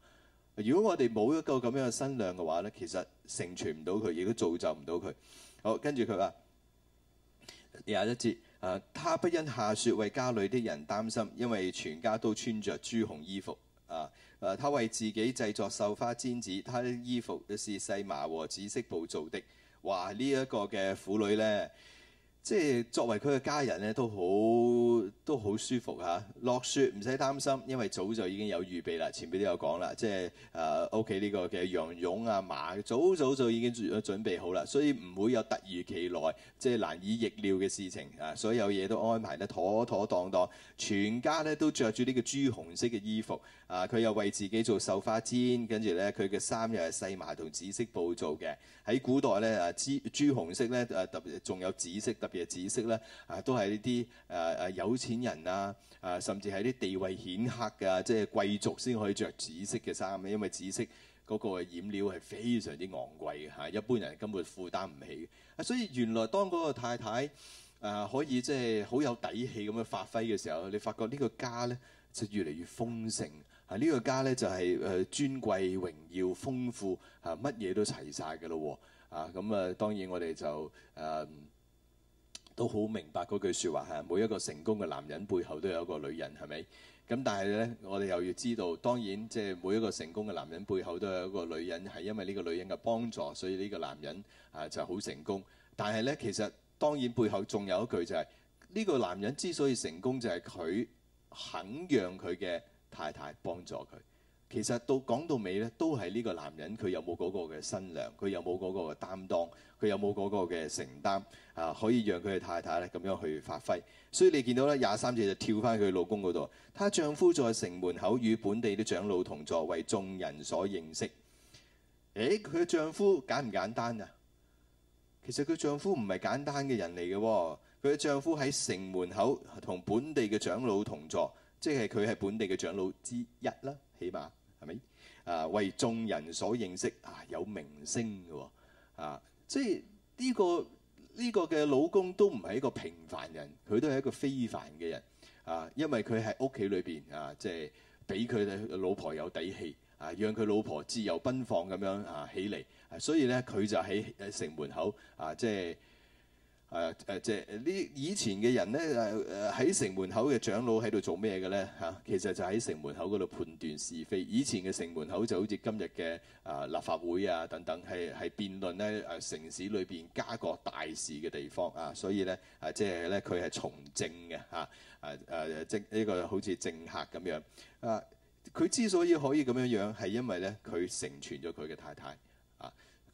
A: 如果我哋冇一個咁樣嘅身量嘅話呢，其實成全唔到佢，亦都造就唔到佢。好，跟住佢話廿一節，誒、啊，他不因下雪為家裏的人擔心，因為全家都穿着朱紅衣服。啊，誒、啊，他、啊、為自己製作繡花毯子，他的衣服是細麻和紫色布做的。哇，呢、這、一個嘅婦女呢。即係作為佢嘅家人咧，都好都好舒服嚇。落雪唔使擔心，因為早就已經有預備啦。前面都有講啦，即係誒屋企呢個嘅羊絨啊麻，早早就已經準備好啦，所以唔會有突如其來即係難以逆料嘅事情啊！所有嘢都安排得妥妥當當，全家咧都着住呢個朱紅色嘅衣服。啊！佢又為自己做繡花毯，跟住呢，佢嘅衫又係細麻同紫色布做嘅。喺古代呢，啊，硃硃紅色呢，誒特別，仲有紫色，特別係紫色呢，啊，都係呢啲誒誒有錢人啊啊，甚至係啲地位顯赫嘅，即係貴族先可以着紫色嘅衫，因為紫色嗰個染料係非常之昂貴嘅，啊，一般人根本負擔唔起。啊，所以原來當嗰個太太啊可以即係好有底氣咁樣發揮嘅時候，你發覺呢個家呢就越嚟越豐盛。係呢、啊這個家呢，就係、是、誒尊貴、榮耀、豐富，嚇乜嘢都齊晒㗎咯喎！啊，咁啊，當然我哋就誒、啊、都好明白嗰句説話係、啊、每一個成功嘅男人背後都有一個女人，係咪？咁但係呢，我哋又要知道，當然即係每一個成功嘅男人背後都有一個女人，係因為呢個女人嘅幫助，所以呢個男人啊就好成功。但係呢，其實當然背後仲有一句就係、是、呢、這個男人之所以成功，就係佢肯讓佢嘅。太太幫助佢，其實到講到尾咧，都係呢個男人佢有冇嗰個嘅身量，佢有冇嗰個嘅擔當，佢有冇嗰個嘅承擔啊，可以讓佢嘅太太咧咁樣去發揮。所以你見到呢，廿三節就跳翻佢老公嗰度，她丈夫在城門口與本地啲長老同坐，為眾人所認識。誒，佢嘅丈夫簡唔簡單啊？其實佢丈夫唔係簡單嘅人嚟嘅，哦，佢嘅丈夫喺城門口同本地嘅長老同坐。即係佢係本地嘅長老之一啦，起碼係咪？啊，為眾人所認識啊，有名聲嘅喎啊，即係呢個呢個嘅老公都唔係一個平凡人，佢都係一個非凡嘅人啊，因為佢喺屋企裏邊啊，即係俾佢老婆有底氣啊，讓佢老婆自由奔放咁樣啊起嚟，啊，所以咧佢就喺城門口啊，即係。係啊，誒即係呢以前嘅人咧，誒喺城門口嘅長老喺度做咩嘅咧？嚇，其實就喺城門口嗰度判斷是非。以前嘅城門口就好似今日嘅啊立法會啊等等，係係辯論咧誒城市裏邊家國大事嘅地方啊，所以咧啊即係咧佢係從政嘅嚇，誒誒即呢個好似政客咁樣啊。佢之所以可以咁樣樣，係因為咧佢成全咗佢嘅太太。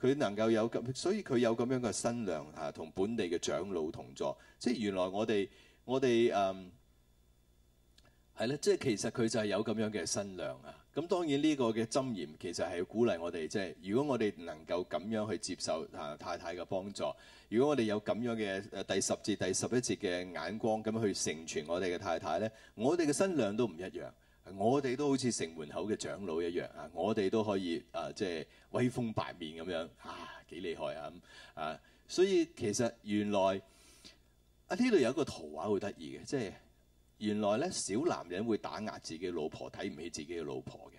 A: 佢能夠有咁，所以佢有咁樣嘅新娘吓、啊、同本地嘅長老同坐，即係原來我哋，我哋誒係啦，即係其實佢就係有咁樣嘅新娘啊。咁當然呢個嘅箴言其實係鼓勵我哋，即係如果我哋能夠咁樣去接受嚇太太嘅幫助，如果我哋有咁樣嘅第十節、第十一節嘅眼光咁樣去成全我哋嘅太太咧，我哋嘅新娘都唔一樣。我哋都好似城門口嘅長老一樣啊！我哋都可以、呃就是、啊，即係威風八面咁樣啊，幾厲害啊咁啊！所以其實原來啊，呢度有一個圖畫好得意嘅，即、就、係、是、原來咧小男人會打壓自己老婆，睇唔起自己老婆嘅。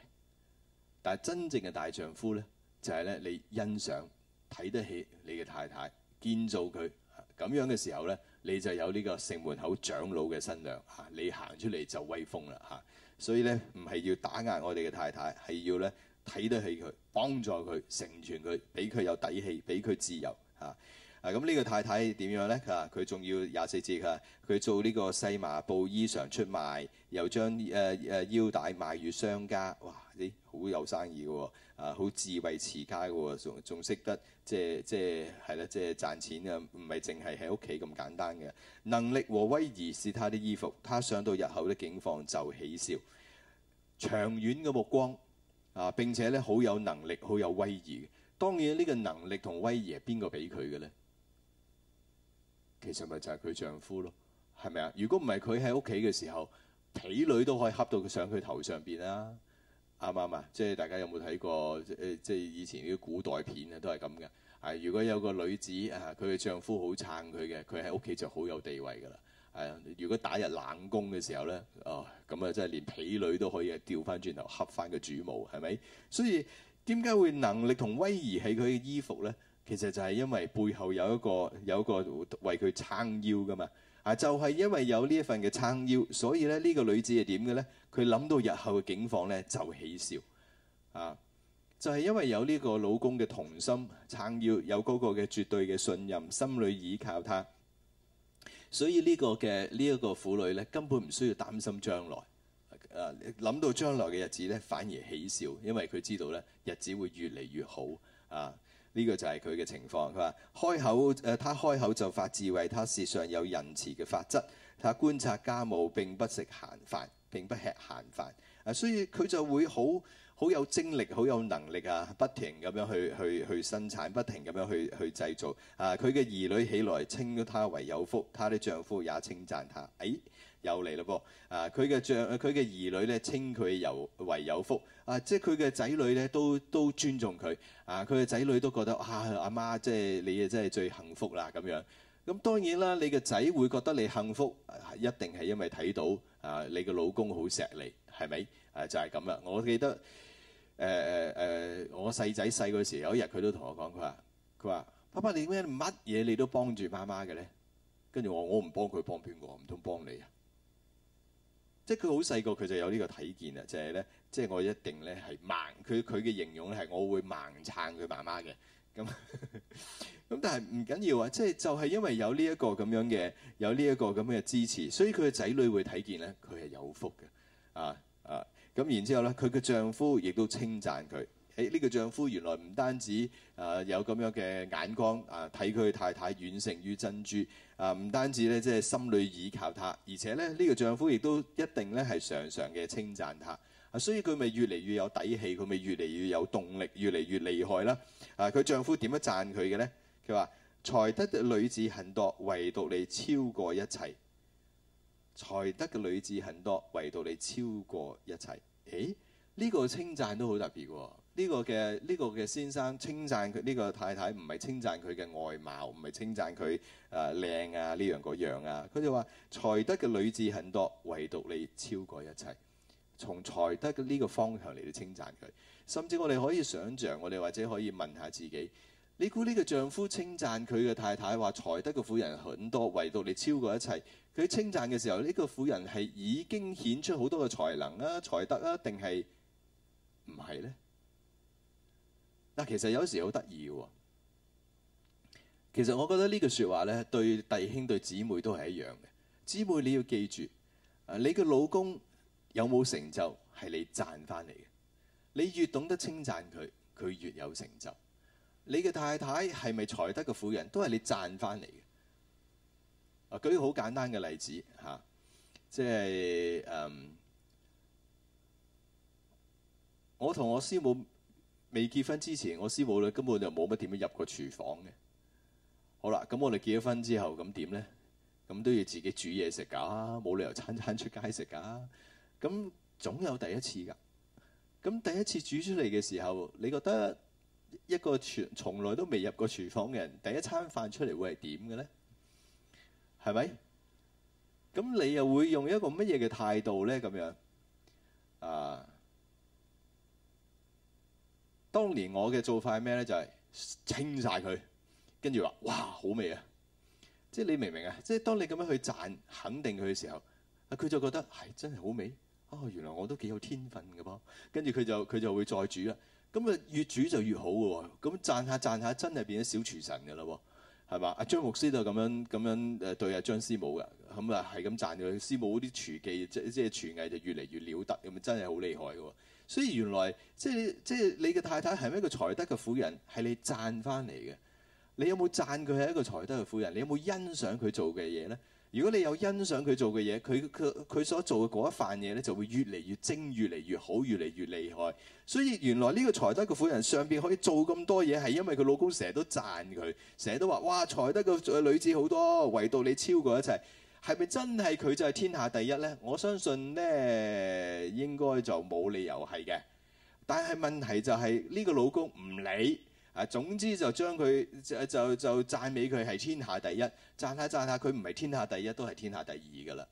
A: 但係真正嘅大丈夫咧，就係、是、咧你欣賞睇得起你嘅太太，建造佢咁樣嘅時候咧，你就有呢個城門口長老嘅身量，嚇、啊，你行出嚟就威風啦嚇。啊。所以咧，唔係要打壓我哋嘅太太，係要咧睇得起佢，幫助佢，成全佢，俾佢有底氣，俾佢自由吓。咁呢 liebe，個太太點樣咧？啊，佢仲要廿四節啊！佢做呢個細麻布衣裳出賣，又將誒誒腰帶賣與商家。哇！啲好有生意嘅喎，啊，好智慧持家嘅喎，仲仲識得即係即係係啦，即係賺錢啊！唔係淨係喺屋企咁簡單嘅。能力和，well，和威儀是他啲衣服，他上到日後的境況就喜笑。長遠嘅目光啊！並且咧好有能力，好有威儀。當然呢、這個能力同威儀係邊個俾佢嘅咧？其實咪就係佢丈夫咯，係咪啊？如果唔係佢喺屋企嘅時候，婢女都可以恰到佢上佢頭上邊啦，啱唔啱啊？即係大家有冇睇過即係、呃、以前啲古代片啊，都係咁嘅。啊，如果有個女子啊，佢嘅丈夫好撐佢嘅，佢喺屋企就好有地位噶啦。係啊，如果打入冷宮嘅時候咧，哦、啊，咁啊真係連婢女都可以調翻轉頭恰翻個主母，係咪？所以點解會能力同威儀係佢嘅衣服咧？其實就係因為背後有一個有一個為佢撐腰㗎嘛，啊就係、是、因為有呢一份嘅撐腰，所以咧呢、這個女子係點嘅呢？佢諗到日後嘅境況呢，就喜笑，啊就係、是、因為有呢個老公嘅同心撐腰，有嗰個嘅絕對嘅信任，心裏倚靠他，所以呢個嘅呢一個婦女呢，根本唔需要擔心將來，誒、啊、諗到將來嘅日子呢，反而喜笑，因為佢知道呢，日子會越嚟越好啊。呢個就係佢嘅情況，佢話開口，誒、呃，他開口就發智慧，他舌上有仁慈嘅法則，他觀察家務並不食閒飯，並不吃閒飯，啊，所以佢就會好好有精力，好有能力啊，不停咁樣去去去，去生產，不停咁樣去去製造，啊，佢嘅兒女起來稱咗他為有福，他的丈夫也稱讚他，哎。有嚟咯噃啊！佢嘅丈佢嘅兒女咧稱佢有為有福啊！即係佢嘅仔女咧都都尊重佢啊！佢嘅仔女都覺得哇阿、啊、媽，媽即係你啊真係最幸福啦咁樣。咁、啊、當然啦，你嘅仔會覺得你幸福，啊、一定係因為睇到啊你嘅老公好錫你係咪？誒、啊、就係咁啦。我記得誒誒誒，我細仔細個時有一日佢都同我講，佢話佢話爸爸，你點解乜嘢你都幫住媽媽嘅咧？跟住我，我唔幫佢幫邊個？唔通幫你啊？即係佢好細個，佢就有呢個睇見啦，就係、是、咧，即、就、係、是、我一定咧係盲，佢佢嘅形容咧係我會盲撐佢媽媽嘅，咁咁 但係唔緊要啊，即係就係、是、因為有呢一個咁樣嘅，有呢一個咁嘅支持，所以佢嘅仔女會睇見咧，佢係有福嘅，啊啊，咁然之後咧，佢嘅丈夫亦都稱讚佢。誒呢、這個丈夫原來唔單止啊、呃、有咁樣嘅眼光啊，睇佢太太遠勝於珍珠啊，唔單止咧即係心裏倚靠他，而且咧呢、這個丈夫亦都一定咧係常常嘅稱讚他啊，所以佢咪越嚟越有底氣，佢咪越嚟越有動力，越嚟越厲害啦啊！佢丈夫點樣讚佢嘅呢？佢話才德嘅女子很多，唯獨你超過一切。才德嘅女子很多，唯獨你超過一切。誒呢、這個稱讚都好特別喎、哦。呢個嘅呢個嘅先生稱讚佢呢個太太，唔係稱讚佢嘅外貌，唔係稱讚佢誒靚啊呢樣嗰樣啊。佢就話才德嘅女子很多，唯獨你超過一切。從才德嘅呢個方向嚟到稱讚佢，甚至我哋可以想像，我哋或者可以問下自己：你估呢個丈夫稱讚佢嘅太太話才德嘅婦人很多，唯獨你超過一切？佢稱讚嘅時候，呢個婦人係已經顯出好多嘅才能啊、才德啊，定係唔係呢？嗱，其實有時好得意喎。其實我覺得呢句説話咧，對弟兄對姊妹都係一樣嘅。姊妹你要記住，啊，你嘅老公有冇成就係你賺翻嚟嘅。你越懂得稱讚佢，佢越有成就。你嘅太太係咪財德嘅婦人都係你賺翻嚟嘅。啊，舉個好簡單嘅例子嚇，即係誒，我同我師母。未結婚之前，我師母咧根本就冇乜點樣入過廚房嘅。好啦，咁我哋結咗婚之後，咁點咧？咁都要自己煮嘢食噶，冇理由餐餐出街食噶。咁總有第一次噶。咁第一次煮出嚟嘅時候，你覺得一個從從來都未入過廚房嘅人，第一餐飯出嚟會係點嘅咧？係咪？咁你又會用一個乜嘢嘅態度咧？咁樣啊？當年我嘅做法係咩咧？就係、是、清晒佢，跟住話：哇，好味啊！即係你明唔明啊？即係當你咁樣去讚肯定佢嘅時候，啊佢就覺得係、哎、真係好味。哦，原來我都幾有天分㗎噃。跟住佢就佢就會再煮啊。咁、嗯、啊越煮就越好嘅。咁、嗯、讚下讚下，真係變咗小廚神㗎喇，係嘛？阿張牧師就咁樣咁樣誒對阿張師母㗎，咁啊係咁讚佢師母嗰啲廚技即即係廚藝就越嚟越了得，咁真係好厲害嘅。所以原來即係即係你嘅太太係咪一個才德嘅婦人，係你讚翻嚟嘅。你有冇讚佢係一個才德嘅婦人？你有冇欣賞佢做嘅嘢呢？如果你有欣賞佢做嘅嘢，佢佢佢所做嘅嗰一番嘢呢，就會越嚟越精，越嚟越好，越嚟越厲害。所以原來呢個才德嘅婦人上邊可以做咁多嘢，係因為佢老公成日都讚佢，成日都話：哇，才德嘅女子好多，唯獨你超過一切。係咪真係佢就係天下第一呢？我相信呢，應該就冇理由係嘅。但係問題就係呢個老公唔理，啊，總之就將佢就就讚美佢係天下第一，讚下讚下佢唔係天下第一都係天下第二噶啦。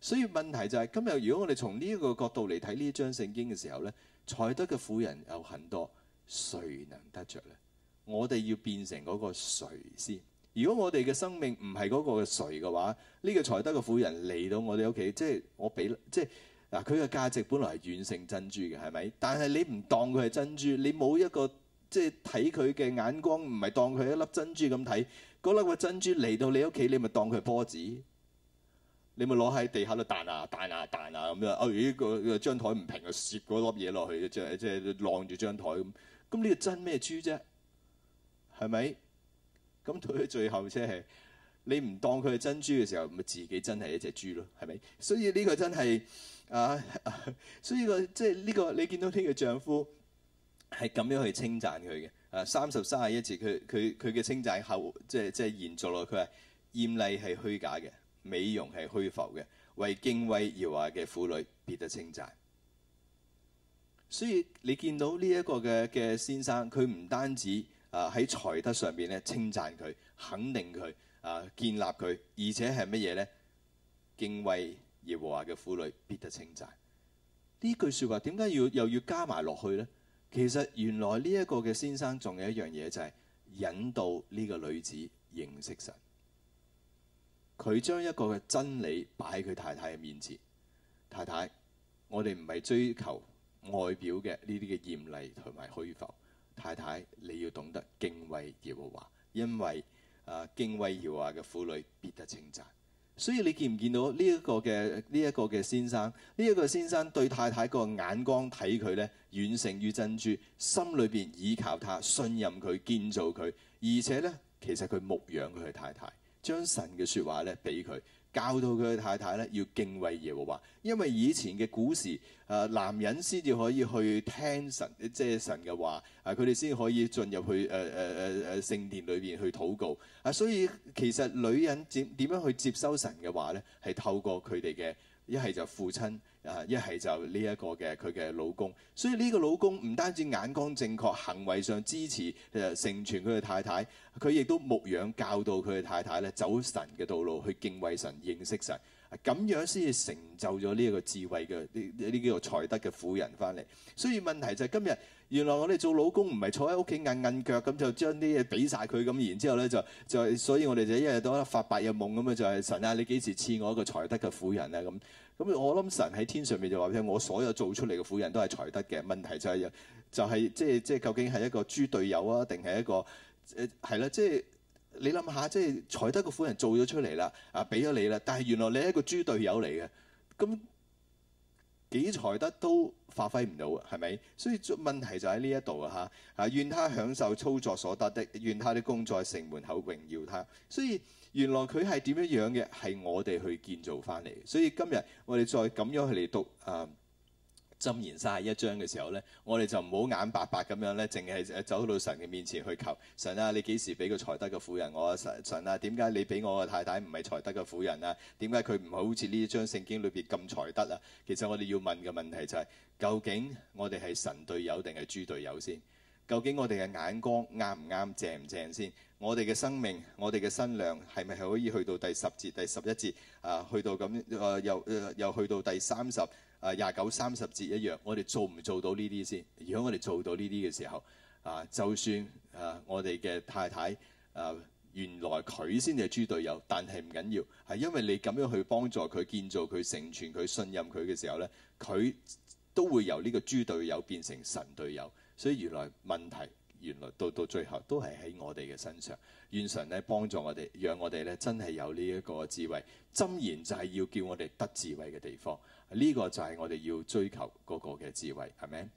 A: 所以問題就係今日如果我哋從呢一個角度嚟睇呢一章聖經嘅時候呢，才德嘅婦人有很多，誰能得着呢？我哋要變成嗰個誰先？如果我哋嘅生命唔係嗰個嘅誰嘅話，呢、這個才德嘅婦人嚟到我哋屋企，即係我俾，即係嗱佢嘅價值本來係遠勝珍珠嘅，係咪？但係你唔當佢係珍珠，你冇一個即係睇佢嘅眼光，唔係當佢一粒珍珠咁睇，嗰粒嘅珍珠嚟到你屋企，你咪當佢係波子，你咪攞喺地下度彈啊彈啊彈啊咁、啊、樣，哎、哦那個張台唔平啊，攝嗰粒嘢落去，即係即係晾住張台咁，咁呢個真咩珠啫？係咪？咁到佢最後即係、就是、你唔當佢係珍珠嘅時候，咪自己真係一隻豬咯，係咪？所以呢個真係啊，啊，所以、這個即係呢個你見到呢個丈夫係咁樣去稱讚佢嘅啊，三十三啊一節，佢佢佢嘅稱讚後即係即係延續落去，佢話豔麗係虛假嘅，美容係虛浮嘅，為敬畏耶和華嘅婦女，必得稱讚。所以你見到呢一個嘅嘅先生，佢唔單止。啊喺才德上邊咧，稱讚佢，肯定佢，啊建立佢，而且係乜嘢咧？敬畏耶和華嘅婦女，必得稱讚。呢句説話點解要又要加埋落去咧？其實原來呢一個嘅先生仲有一樣嘢，就係引導呢個女子認識神。佢將一個嘅真理擺喺佢太太嘅面前。太太，我哋唔係追求外表嘅呢啲嘅豔麗同埋虛浮。太太，你要懂得敬畏耶和華，因為誒、呃、敬畏耶和華嘅婦女必得稱讚。所以你見唔見到呢一個嘅呢一個嘅先生？呢、這、一個先生對太太個眼光睇佢呢遠勝於珍珠，心裏邊倚靠他，信任佢，建造佢，而且呢，其實佢牧養佢嘅太太，將神嘅説話呢俾佢。教導佢嘅太太咧，要敬畏耶和華，因為以前嘅古時，誒、呃、男人先至可以去聽神，即係神嘅話，啊佢哋先可以進入去誒誒誒誒聖殿裏邊去禱告，啊所以其實女人接點樣去接收神嘅話咧，係透過佢哋嘅一係就父親。啊！一係就呢一個嘅佢嘅老公，所以呢個老公唔單止眼光正確，行為上支持成全佢嘅太太，佢亦都牧養教導佢嘅太太咧走神嘅道路，去敬畏神、認識神，咁樣先至成就咗呢一個智慧嘅呢呢呢個才德嘅婦人翻嚟。所以問題就係、是、今日，原來我哋做老公唔係坐喺屋企韌韌腳咁就將啲嘢俾晒佢咁，然之後咧就就所以我哋就一日到黑發白日夢咁啊！就係、是、神啊，你幾時賜我一個才德嘅婦人啊咁？咁、嗯、我諗神喺天上面就話俾我所有做出嚟嘅婦人都係才德嘅，問題就係、是、就係、是、即係即係究竟係一個豬隊友啊，定係一個誒係啦，即係你諗下，即係才德嘅婦人做咗出嚟啦，啊俾咗你啦，但係原來你係一個豬隊友嚟嘅，咁幾才德都發揮唔到啊，係咪？所以問題就喺呢一度啊嚇嚇，願他享受操作所得的，願他啲工作喺城門口榮耀他，所以。原來佢係點樣樣嘅，係我哋去建造翻嚟。所以今日我哋再咁樣去嚟讀誒箴言卅一章嘅時候呢，我哋就唔好眼白白咁樣呢，淨係走到神嘅面前去求神啊！你幾時俾個才德嘅婦人我啊？神神啊，點解你俾我嘅太太唔係才德嘅婦人啊？點解佢唔係好似呢一章聖經裏邊咁才德啊？其實我哋要問嘅問題就係、是，究竟我哋係神隊友定係豬隊友先？究竟我哋嘅眼光啱唔啱正唔正先？我哋嘅生命，我哋嘅身量，係咪係可以去到第十節、第十一節啊？去到咁誒又又去到第三十誒廿九、三十節一樣，我哋做唔做到呢啲先？如果我哋做到呢啲嘅時候，啊，就算啊，我哋嘅太太誒、啊、原來佢先至係豬隊友，但係唔緊要，係因為你咁樣去幫助佢、建造佢、成全佢、信任佢嘅時候咧，佢都會由呢個豬隊友變成神隊友。所以原來問題原來到到最後都係喺我哋嘅身上，願神咧幫助我哋，讓我哋咧真係有呢一個智慧，箴言就係要叫我哋得智慧嘅地方，呢、這個就係我哋要追求嗰個嘅智慧，阿們。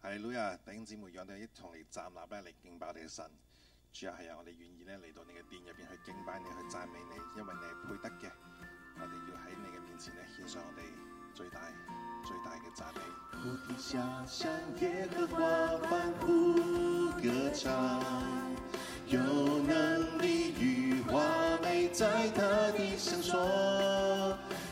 B: 哈利路亞，弟兄姊妹，仰望一同嚟站立咧嚟敬拜你神。主要係我哋願意咧嚟到你嘅殿入邊去敬拜你，去讚美你，因為你係配得嘅。我哋要喺你嘅面前咧獻上我哋最大、最大嘅
C: 讚美。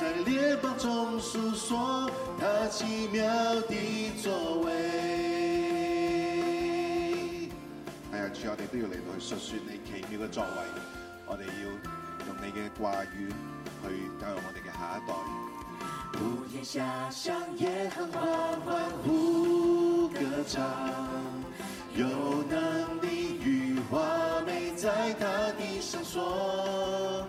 C: 在列邦中述、哎、述說那奇妙的作為。
B: 係啊，主，我哋都要嚟到去述説你奇妙嘅作為。我哋要用你嘅話語去教育我哋嘅下一代。屋檐下，向夜鶯花
C: 萬呼歌唱，有能力與花美在大地上說。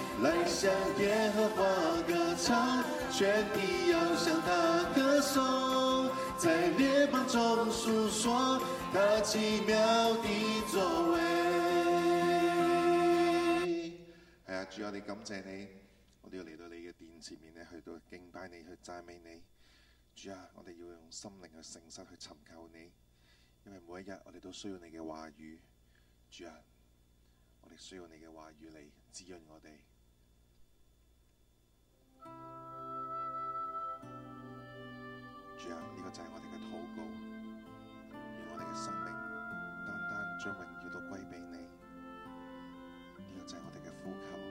C: 來向耶和華歌唱，全地要向他歌頌，在列邦中述說他奇妙的作為。
B: 係啊，主啊，我哋感謝你，我都要嚟到你嘅殿前面咧，去到敬拜你，去讚美你。主啊，我哋要用心靈去誠實去尋求你，因為每一日我哋都需要你嘅話語。主啊，我哋需要你嘅話語嚟滋潤我哋。主啊，呢、這個就係我哋嘅禱告，願我哋嘅生命單單將榮耀都歸俾你。呢、這個就係我哋嘅呼求。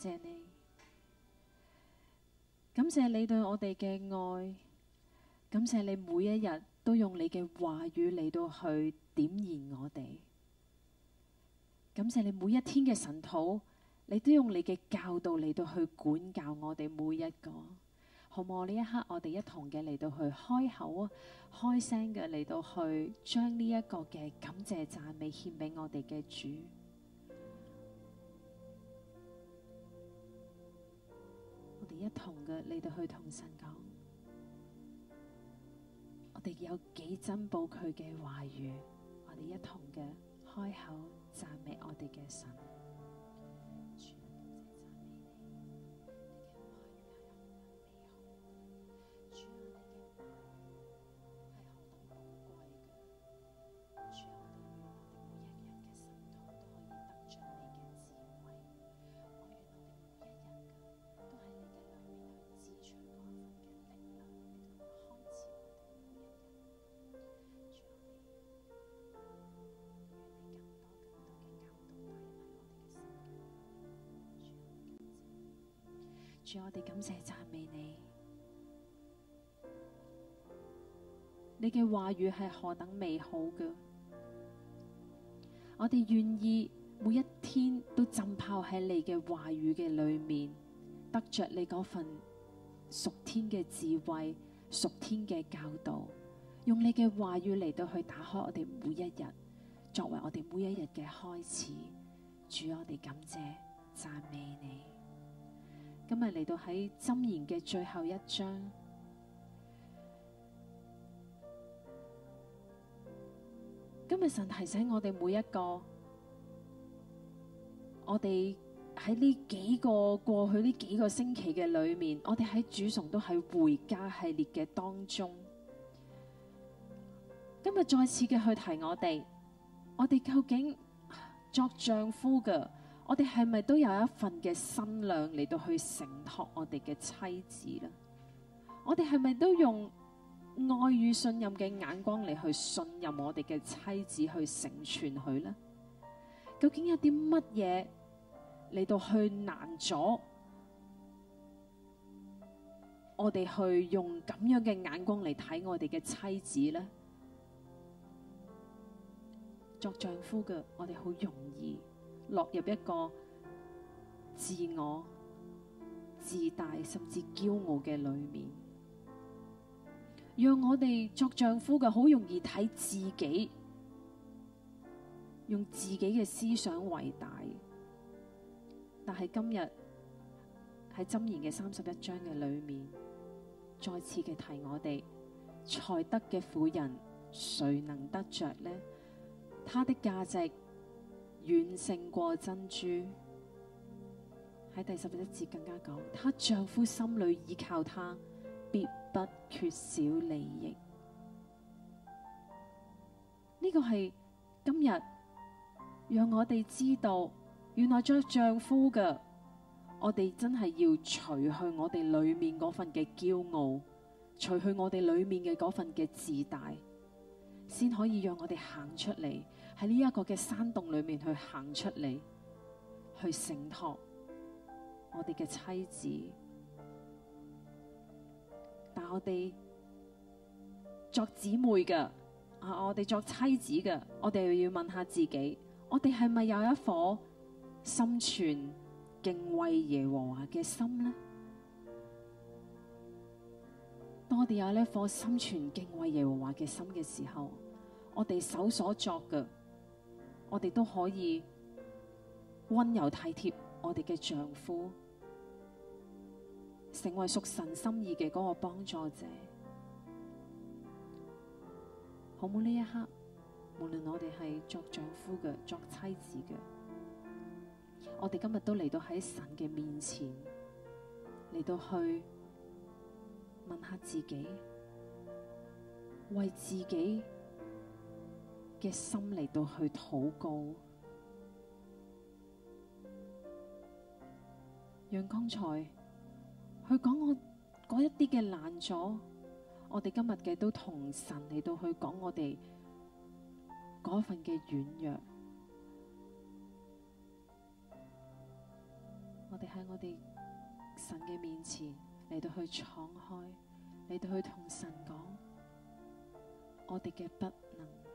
D: 謝你，感謝你對我哋嘅愛，感謝你每一日都用你嘅話語嚟到去點燃我哋，感謝你每一天嘅神土，你都用你嘅教導嚟到去管教我哋每一個，好冇？呢一刻我哋一同嘅嚟到去開口，開聲嘅嚟到去將呢一個嘅感謝讚美獻俾我哋嘅主。我哋有幾珍寶佢嘅話語，我哋一同嘅開口讚美我哋嘅神。主，我哋感謝讚美你，你嘅話語係何等美好嘅！我哋願意每一天都浸泡喺你嘅話語嘅裏面，得着你嗰份屬天嘅智慧、屬天嘅教導，用你嘅話語嚟到去打開我哋每一日，作為我哋每一日嘅開始。主，我哋感謝讚美你。今日嚟到喺箴言嘅最後一章。今日神提醒我哋每一個，我哋喺呢幾個過去呢幾個星期嘅裏面，我哋喺主崇都喺回家系列嘅當中。今日再次嘅去提我哋，我哋究竟作丈夫嘅？我哋係咪都有一份嘅心量嚟到去承托我哋嘅妻子呢？我哋係咪都用愛與信任嘅眼光嚟去信任我哋嘅妻子，去成全佢呢？究竟有啲乜嘢嚟到去難阻我哋去用咁樣嘅眼光嚟睇我哋嘅妻子呢？作丈夫嘅我哋好容易，落入一個自我、自大甚至驕傲嘅裏面，讓我哋作丈夫嘅好容易睇自己，用自己嘅思想為大。但係今日喺箴言嘅三十一章嘅裏面，再次嘅提我哋才德嘅婦人，誰能得着呢？他的價值，遠勝過珍珠。喺第十一節更加講，她丈夫心裏依靠她，必不缺少利益。呢、這個係今日讓我哋知道，原來作丈夫嘅，我哋真係要除去我哋裏面嗰份嘅驕傲，除去我哋裏面嘅嗰份嘅自大。先可以讓我哋行出嚟，喺呢一個嘅山洞裏面去行出嚟，去承托我哋嘅妻子。但我哋作姊妹嘅啊，我哋作妻子嘅，我哋又要問下自己，我哋係咪有一顆心存敬畏耶和華嘅心咧？當我哋有呢一顆心存敬畏耶和華嘅心嘅時候，我哋手所作嘅，我哋都可以温柔體貼我哋嘅丈夫，成為屬神心意嘅嗰個幫助者。好冇，呢一刻，無論我哋係作丈夫嘅，作妻子嘅，我哋今日都嚟到喺神嘅面前，嚟到去。問下自己，為自己嘅心嚟到去禱告，讓剛才去講我嗰一啲嘅難咗，我哋今日嘅都同神嚟到去講我哋嗰份嘅軟弱，我哋喺我哋神嘅面前。嚟到去敞開，嚟到去同神講，我哋嘅不能。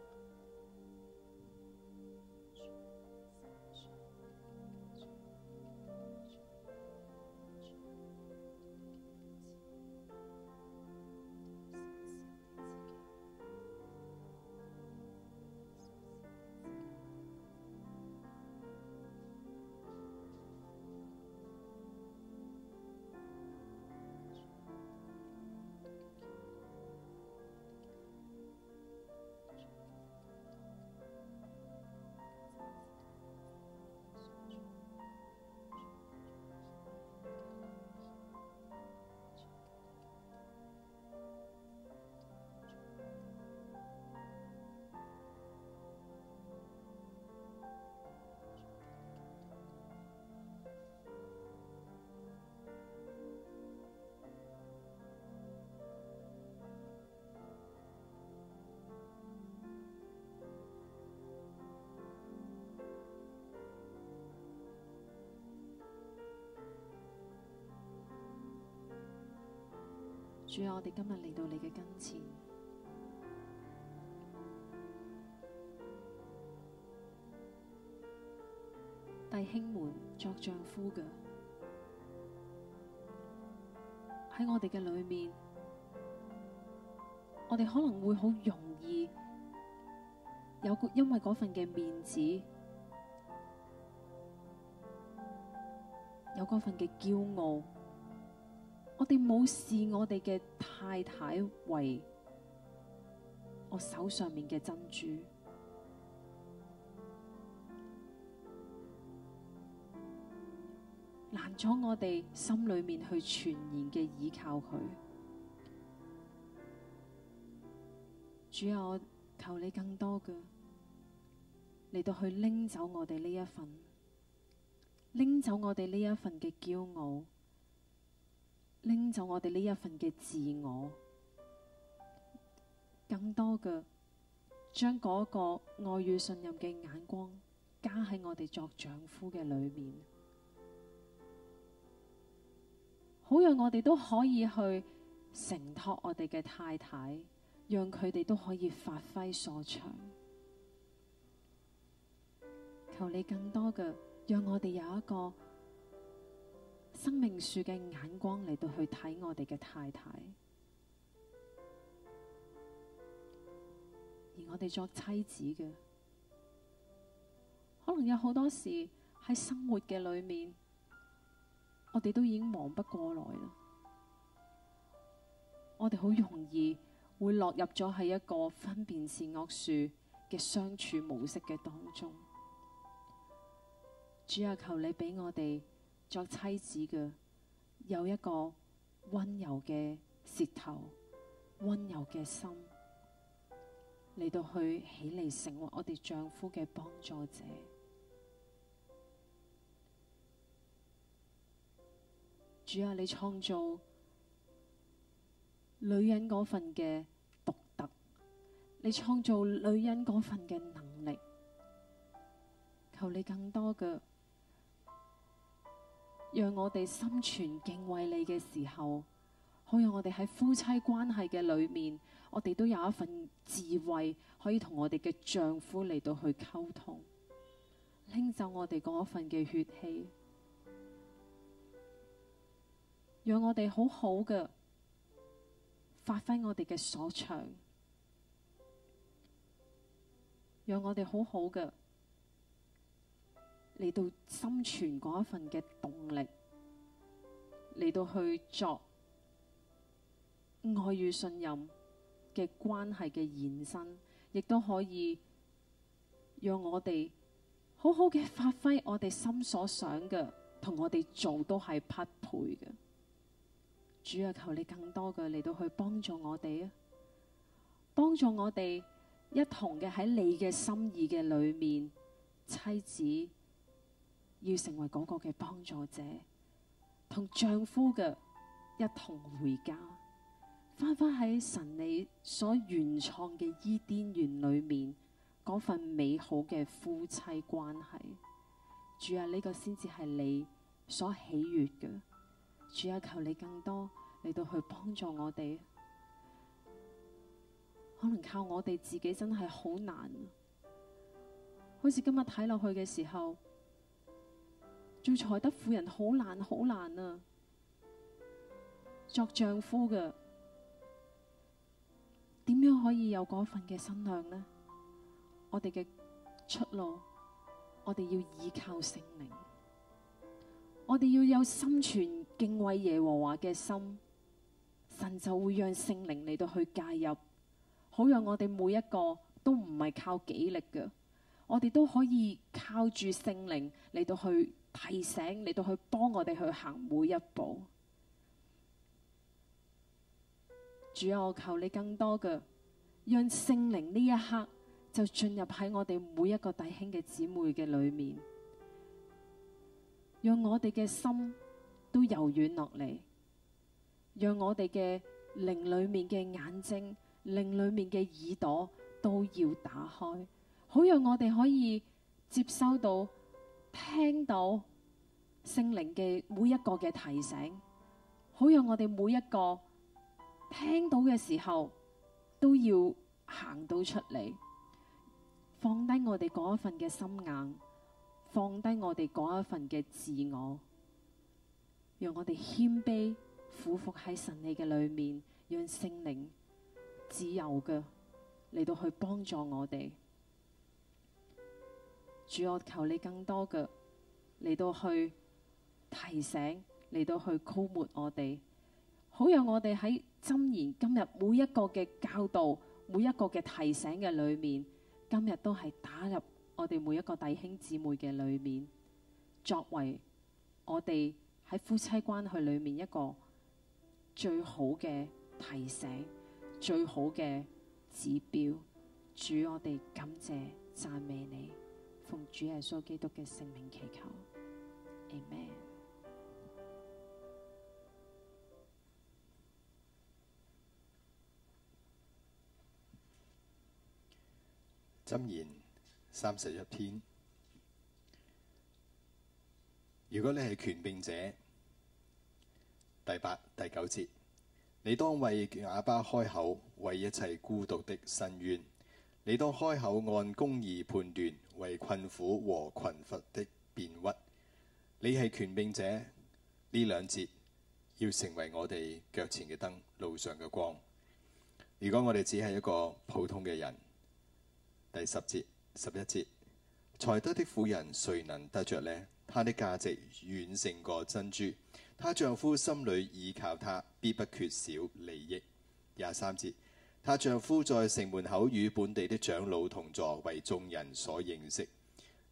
D: 主啊，我哋今日嚟到你嘅跟前，弟兄們，作丈夫嘅喺我哋嘅裏面，我哋可能會好容易有因為嗰份嘅面子，有嗰份嘅驕傲。我哋冇視我哋嘅太太為我手上面嘅珍珠，難咗我哋心裏面去全然嘅倚靠佢。主啊，我求你更多嘅嚟到去拎走我哋呢一份，拎走我哋呢一份嘅驕傲。拎走我哋呢一份嘅自我，更多嘅將嗰個愛與信任嘅眼光加喺我哋作丈夫嘅裏面，好讓我哋都可以去承托我哋嘅太太，讓佢哋都可以發揮所長。求你更多嘅，讓我哋有一個。生命樹嘅眼光嚟到去睇我哋嘅太太，而我哋作妻子嘅，可能有好多時喺生活嘅裏面，我哋都已經忙不過來啦。我哋好容易會落入咗喺一個分辨善惡樹嘅相處模式嘅當中。主啊，求你俾我哋。作妻子嘅，有一個溫柔嘅舌頭、溫柔嘅心，嚟到去起嚟成為我哋丈夫嘅幫助者。主啊，你創造女人嗰份嘅獨特，你創造女人嗰份嘅能力，求你更多嘅。讓我哋心存敬畏你嘅時候，好讓我哋喺夫妻關係嘅裏面，我哋都有一份智慧，可以同我哋嘅丈夫嚟到去溝通，拎走我哋嗰份嘅血氣，讓我哋好好嘅發揮我哋嘅所長，讓我哋好好嘅。嚟到心存嗰一份嘅動力，嚟到去作愛與信任嘅關係嘅延伸，亦都可以讓我哋好好嘅發揮我哋心所想嘅，同我哋做都係匹配嘅。主啊，求你更多嘅嚟到去幫助我哋啊，幫助我哋一同嘅喺你嘅心意嘅裏面，妻子。要成為嗰個嘅幫助者，同丈夫嘅一同回家，翻返喺神你所原創嘅伊甸園裏面嗰份美好嘅夫妻關係。主啊，呢個先至係你所喜悅嘅。主啊，求你更多嚟到去幫助我哋，可能靠我哋自己真係好難。好似今日睇落去嘅時候。做才德婦人好難，好難啊！作丈夫嘅點樣可以有嗰份嘅身量呢？我哋嘅出路，我哋要依靠聖靈，我哋要有心存敬畏耶和華嘅心，神就會讓聖靈嚟到去介入，好讓我哋每一個都唔係靠己力嘅，我哋都可以靠住聖靈嚟到去。提醒你到去幫我哋去行每一步，主要我求你更多嘅，讓聖靈呢一刻就進入喺我哋每一個弟兄嘅姊妹嘅裏面，讓我哋嘅心都柔軟落嚟，讓我哋嘅靈裏面嘅眼睛、靈裏面嘅耳朵都要打開，好讓我哋可以接收到。聽到聖靈嘅每一個嘅提醒，好讓我哋每一個聽到嘅時候，都要行到出嚟，放低我哋嗰一份嘅心硬，放低我哋嗰一份嘅自我，讓我哋謙卑俯伏喺神嘅裏面，讓聖靈自由嘅嚟到去幫助我哋。主我求你更多嘅嚟到去提醒嚟到去 call 我哋，好讓我哋喺箴言今日每一個嘅教導、每一個嘅提醒嘅裏面，今日都係打入我哋每一個弟兄姊妹嘅裏面，作為我哋喺夫妻關係裏面一個最好嘅提醒、最好嘅指標。主我哋感謝讚美你。奉主耶穌基督嘅
A: 聖名祈求，阿門。箴言三十一篇，如果你係權柄者，第八、第九節，你當為啞巴開口，為一切孤獨的伸冤，你當開口按公義判斷。為困苦和窮乏的辨屈，你係權柄者，呢兩節要成為我哋腳前嘅燈，路上嘅光。如果我哋只係一個普通嘅人，第十節、十一節，才德的婦人誰能得着呢？她的價值遠勝過珍珠，她丈夫心裏倚靠她，必不缺少利益。廿三節。她丈夫在城門口與本地的長老同坐，為眾人所認識。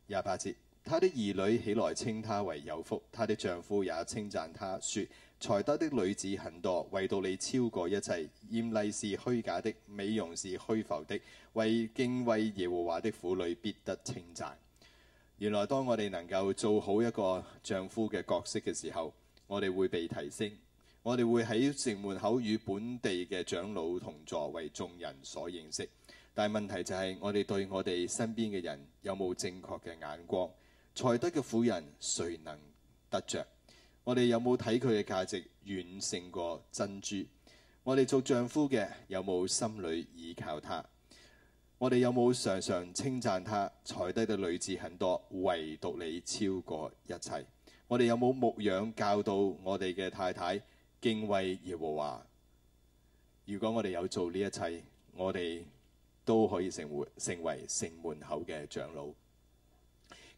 A: 廿八節，她的兒女起來稱她為有福，她的丈夫也稱讚她，說：才德的女子很多，唯獨你超過一切。豔麗是虛假的，美容是虛浮的，為敬畏耶和華的婦女必得稱讚。原來當我哋能夠做好一個丈夫嘅角色嘅時候，我哋會被提升。我哋會喺城門口與本地嘅長老同坐，為眾人所認識。但係問題就係、是，我哋對我哋身邊嘅人有冇正確嘅眼光？才德嘅婦人誰能得着？我哋有冇睇佢嘅價值遠勝過珍珠？我哋做丈夫嘅有冇心裏倚靠她？我哋有冇常常稱讚她？才德嘅女子很多，唯獨你超過一切。我哋有冇牧養教導我哋嘅太太？敬畏耶和華。如果我哋有做呢一切，我哋都可以成門成為城門口嘅長老。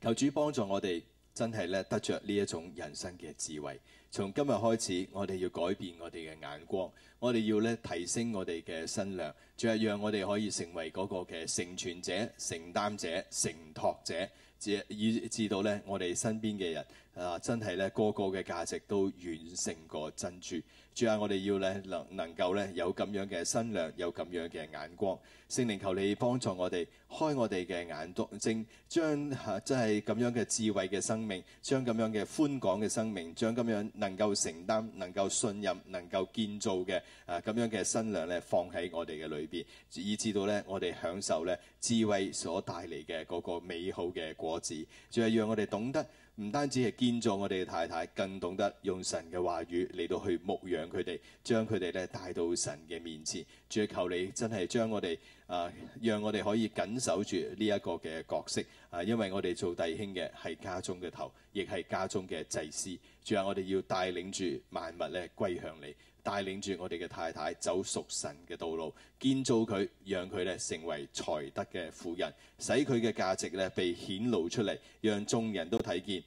A: 求主幫助我哋，真係咧得着呢一種人生嘅智慧。從今日開始，我哋要改變我哋嘅眼光，我哋要咧提升我哋嘅身量，仲係讓我哋可以成為嗰個嘅成全者、承擔者、承托者，至以至到咧我哋身邊嘅人。啊！真係咧，個個嘅價值都遠勝過珍珠。仲有，我哋要咧能能夠咧有咁樣嘅新娘，有咁樣嘅眼光。聖靈，求你幫助我哋，開我哋嘅眼睛，多正將即係咁樣嘅智慧嘅生命，將咁樣嘅寬廣嘅生命，將咁樣能夠承擔、能夠信任、能夠建造嘅啊咁樣嘅新娘咧，放喺我哋嘅裏邊，以致到咧我哋享受咧智慧所帶嚟嘅嗰個美好嘅果子。仲係讓我哋懂得。唔單止係建造我哋嘅太太，更懂得用神嘅話語嚟到去牧養佢哋，將佢哋咧帶到神嘅面前。主啊，求你真係將我哋啊，讓我哋可以緊守住呢一個嘅角色啊，因為我哋做弟兄嘅係家中嘅頭，亦係家中嘅祭司。主啊，我哋要帶領住萬物咧歸向你。帶領住我哋嘅太太走屬神嘅道路，建造佢，讓佢咧成為才德嘅婦人，使佢嘅價值咧被顯露出嚟，讓眾人都睇見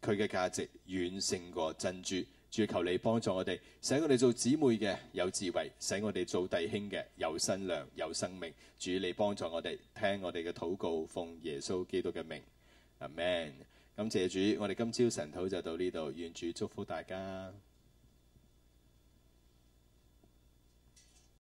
A: 佢嘅價值遠勝過珍珠。主求你幫助我哋，使我哋做姊妹嘅有智慧，使我哋做弟兄嘅有身量、有生命。主你幫助我哋聽我哋嘅禱告，奉耶穌基督嘅名，阿門。感謝主，我哋今朝晨禱就到呢度，願主祝福大家。